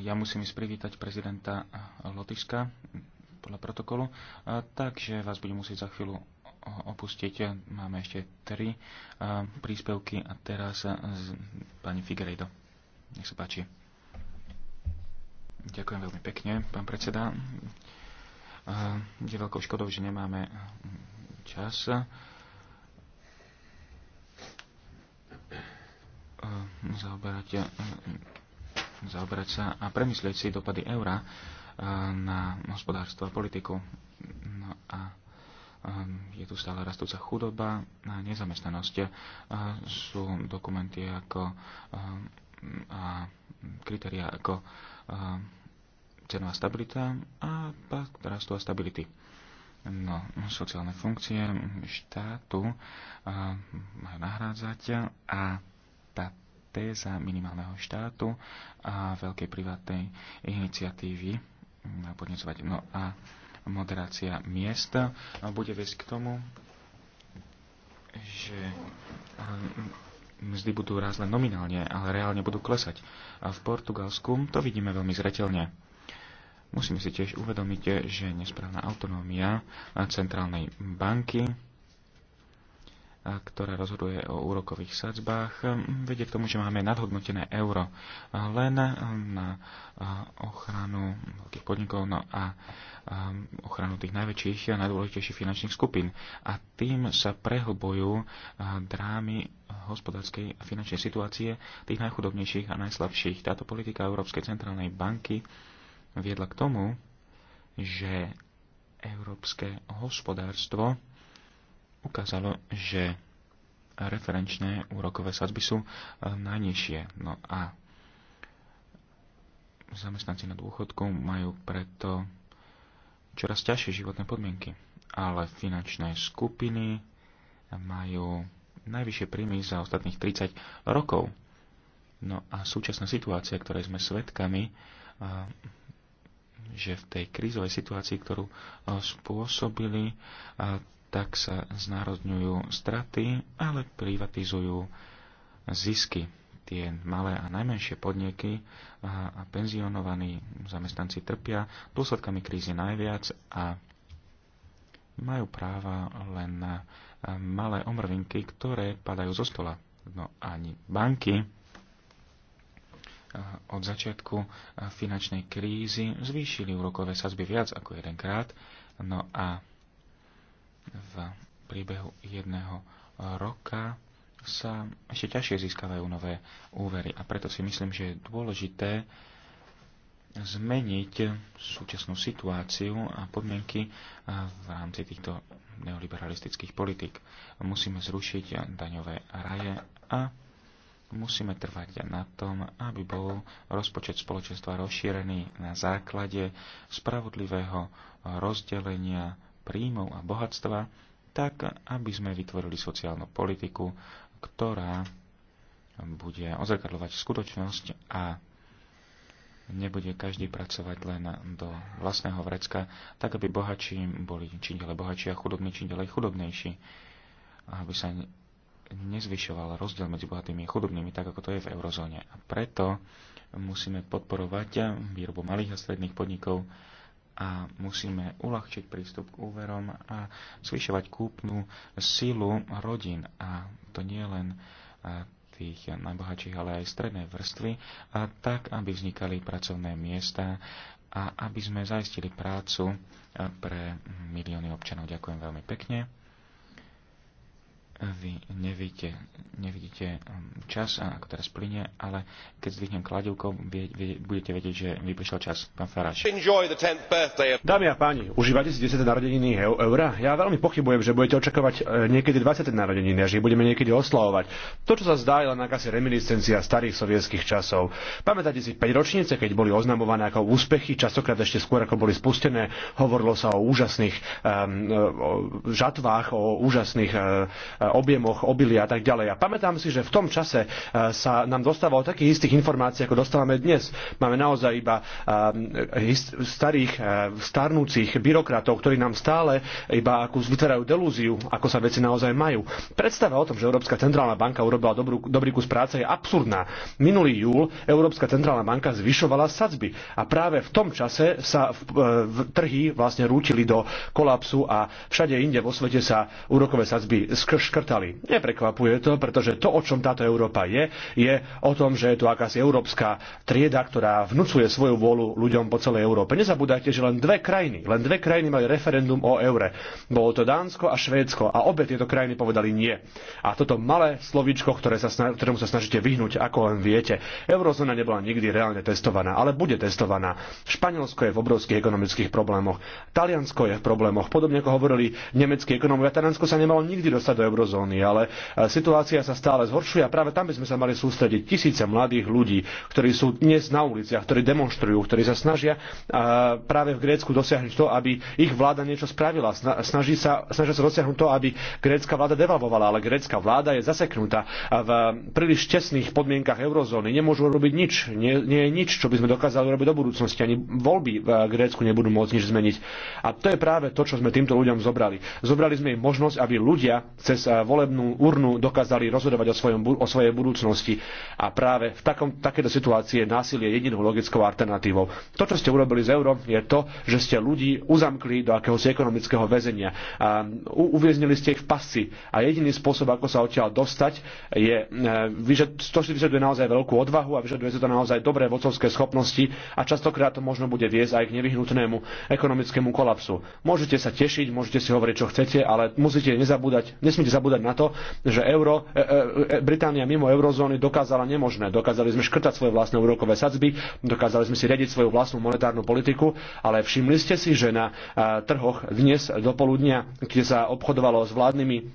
ja musím ísť privítať prezidenta Lotyšska podľa protokolu, takže vás budem musieť za chvíľu opustiť. Máme ešte tri eh, príspevky a teraz eh, pani Figueiredo. Nech sa páči. Ďakujem veľmi pekne, pán predseda. Eh, je veľkou škodou, že nemáme hm, čas. Zaoberať, zaoberať sa a premyslieť si dopady eura na hospodárstvo a politiku. No a Ehm, je tu stále rastúca chudoba a nezamestnanosť. Ehm, sú dokumenty ako ehm, a kritéria ako cenová stabilita a pak rastu a stability. No, sociálne funkcie štátu majú nahrádzať a tá téza minimálneho štátu a veľkej privátnej iniciatívy no, podnecovať. No a moderácia miesta bude viesť k tomu, že mzdy budú raz len nominálne, ale reálne budú klesať. A v Portugalsku to vidíme veľmi zretelne. Musíme si tiež uvedomiť, že nesprávna autonómia centrálnej banky ktorá rozhoduje o úrokových sadzbách, vedie k tomu, že máme nadhodnotené euro len na ochranu veľkých podnikov no a ochranu tých najväčších a najdôležitejších finančných skupín. A tým sa prehlbujú drámy hospodárskej a finančnej situácie tých najchudobnejších a najslabších. Táto politika Európskej centrálnej banky viedla k tomu, že európske hospodárstvo ukázalo, že referenčné úrokové sadzby sú eh, najnižšie. No a zamestnanci na dôchodku majú preto čoraz ťažšie životné podmienky. Ale finančné skupiny majú najvyššie príjmy za ostatných 30 rokov. No a súčasná situácia, ktorej sme svedkami, eh, že v tej krízovej situácii, ktorú eh, spôsobili tak sa znárodňujú straty, ale privatizujú zisky. Tie malé a najmenšie podniky a, a penzionovaní zamestnanci trpia dôsledkami krízy najviac a majú práva len na malé omrvinky, ktoré padajú zo stola. No ani banky od začiatku finančnej krízy zvýšili úrokové sazby viac ako jedenkrát, no a v priebehu jedného roka sa ešte ťažšie získavajú nové úvery. A preto si myslím, že je dôležité zmeniť súčasnú situáciu a podmienky v rámci týchto neoliberalistických politik. Musíme zrušiť daňové raje a musíme trvať na tom, aby bol rozpočet spoločenstva rozšírený na základe spravodlivého rozdelenia príjmov a bohatstva, tak aby sme vytvorili sociálnu politiku, ktorá bude ozrkadľovať skutočnosť a nebude každý pracovať len do vlastného vrecka, tak aby bohatší boli čím ďalej bohatší a chudobní čím ďalej chudobnejší. Aby sa nezvyšoval rozdiel medzi bohatými a chudobnými, tak ako to je v eurozóne. A preto musíme podporovať výrobu malých a stredných podnikov, a musíme uľahčiť prístup k úverom a zvyšovať kúpnu silu rodín. A to nie len tých najbohatších, ale aj strednej vrstvy, a tak, aby vznikali pracovné miesta a aby sme zaistili prácu pre milióny občanov. Ďakujem veľmi pekne vy nevidíte, nevidíte um, čas, ako teraz plyne, ale keď zdvihnem kladivkou, budete vedieť, že vypršiel čas. Pán Faraš. Dámy a páni, užívate si 10. narodeniny eura? Ja veľmi pochybujem, že budete očakávať e, niekedy 20. narodeniny že ich budeme niekedy oslavovať. To, čo sa zdá, je len akási reminiscencia starých sovietských časov. Pamätáte si 5 ročnice, keď boli oznamované ako úspechy, častokrát ešte skôr ako boli spustené, hovorilo sa o úžasných um, e, o žatvách, o úžasných um, objemoch obilia a tak ďalej. A pamätám si, že v tom čase e, sa nám dostávalo takých istých informácií, ako dostávame dnes. Máme naozaj iba e, starých, e, starnúcich byrokratov, ktorí nám stále iba akú vytvárajú delúziu, ako sa veci naozaj majú. Predstava o tom, že Európska centrálna banka urobila dobrú, dobrý kus práce, je absurdná. Minulý júl Európska centrálna banka zvyšovala sadzby a práve v tom čase sa v, v, trhy vlastne rútili do kolapsu a všade inde vo svete sa úrokové sadzby skrškali škrtali. Neprekvapuje to, pretože to, o čom táto Európa je, je o tom, že je tu akási európska trieda, ktorá vnúcuje svoju vôľu ľuďom po celej Európe. Nezabúdajte, že len dve krajiny, len dve krajiny mali referendum o eure. Bolo to Dánsko a Švédsko a obe tieto krajiny povedali nie. A toto malé slovíčko, ktoré sa, ktorému sa snažíte vyhnúť, ako len viete, eurozóna nebola nikdy reálne testovaná, ale bude testovaná. Španielsko je v obrovských ekonomických problémoch, Taliansko je v problémoch, podobne ako hovorili nemeckí ekonómovia, Taliansko sa nemalo nikdy dostať do eurozóny eurozóny, ale e, situácia sa stále zhoršuje a práve tam by sme sa mali sústrediť. Tisíce mladých ľudí, ktorí sú dnes na uliciach, ktorí demonstrujú, ktorí sa snažia e, práve v Grécku dosiahnuť to, aby ich vláda niečo spravila. Snaží sa, snažia sa dosiahnuť to, aby grécka vláda devalvovala, ale grécka vláda je zaseknutá v príliš tesných podmienkach eurozóny. Nemôžu robiť nič. Nie, nie je nič, čo by sme dokázali robiť do budúcnosti. Ani voľby v e, Grécku nebudú môcť nič zmeniť. A to je práve to, čo sme týmto ľuďom zobrali. Zobrali sme im možnosť, aby ľudia cez volebnú urnu dokázali rozhodovať o, svojom, o svojej budúcnosti. A práve v takom, takéto situácii je násilie jedinou logickou alternatívou. To, čo ste urobili z euro, je to, že ste ľudí uzamkli do akéhosi ekonomického väzenia. A uväznili ste ich v pasci. A jediný spôsob, ako sa odtiaľ dostať, je, e, vyžad, to si vyžaduje naozaj veľkú odvahu a vyžaduje si to naozaj dobré vocovské schopnosti a častokrát to možno bude viesť aj k nevyhnutnému ekonomickému kolapsu. Môžete sa tešiť, môžete si hovoriť, čo chcete, ale musíte nezabúdať, nesmiete zabúdať zabúdať na to, že euro, e, e, e, Británia mimo eurozóny dokázala nemožné. Dokázali sme škrtať svoje vlastné úrokové sadzby, dokázali sme si riadiť svoju vlastnú monetárnu politiku, ale všimli ste si, že na e, trhoch dnes poludnia, kde sa obchodovalo s vládnymi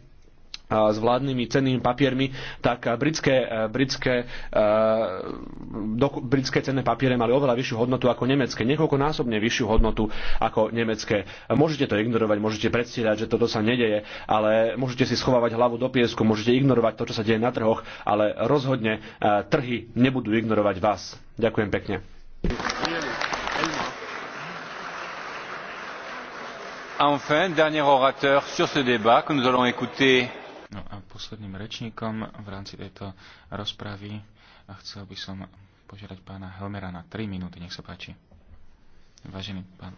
s vládnymi cennými papiermi, tak eh, britské, eh, britské, eh, britské cenné papiere mali oveľa vyššiu hodnotu ako nemecké, niekoľkonásobne vyššiu hodnotu ako nemecké. Môžete to ignorovať, môžete predstierať, že toto sa nedeje, ale môžete si schovávať hlavu do piesku, môžete ignorovať to, čo sa deje na trhoch, ale rozhodne trhy nebudú ignorovať vás. Ďakujem pekne. enfin dernier orateur sur ce débat que nous allons écouter No a posledným rečníkom v rámci tejto rozpravy a chcel by som požiadať pána Helmera na 3 minúty, nech sa páči. Vážený pán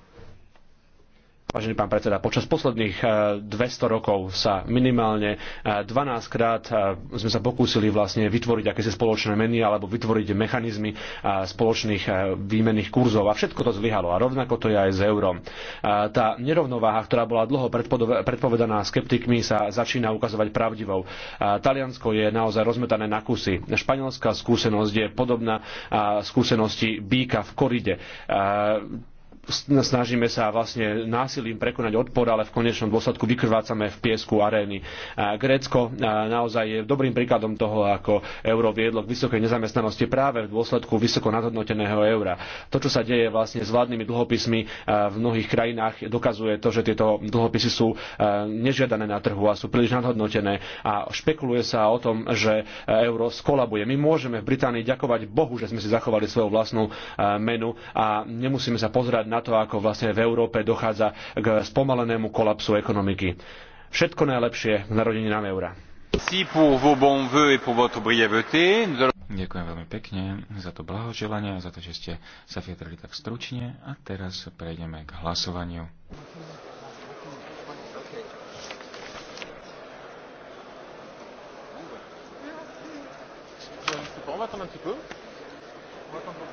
Vážený pán predseda, počas posledných 200 eh, rokov sa minimálne 12 eh, krát eh, sme sa pokúsili vlastne vytvoriť akési spoločné meny alebo vytvoriť mechanizmy spoločných výmenných kurzov a všetko to zlyhalo a rovnako to je aj s eurom. Tá nerovnováha, ktorá bola dlho predpovedaná skeptikmi, sa začína ukazovať pravdivou. Taliansko je naozaj rozmetané na kusy. Španielská skúsenosť je podobná skúsenosti býka v koride snažíme sa vlastne násilím prekonať odpor, ale v konečnom dôsledku vykrvácame v piesku arény. Grécko naozaj je dobrým príkladom toho, ako euro viedlo k vysokej nezamestnanosti práve v dôsledku vysoko nadhodnoteného eura. To, čo sa deje vlastne s vládnymi dlhopismi v mnohých krajinách, dokazuje to, že tieto dlhopisy sú nežiadané na trhu a sú príliš nadhodnotené a špekuluje sa o tom, že euro skolabuje. My môžeme v Británii ďakovať Bohu, že sme si zachovali svoju vlastnú menu a nemusíme sa pozerať na na to, ako vlastne v Európe dochádza k spomalenému kolapsu ekonomiky. Všetko najlepšie k narodeninám eura. Ďakujem veľmi pekne za to blahoželanie za to, že ste sa vyjadrili tak stručne. A teraz prejdeme k hlasovaniu. On va attendre un petit peu. On va attendre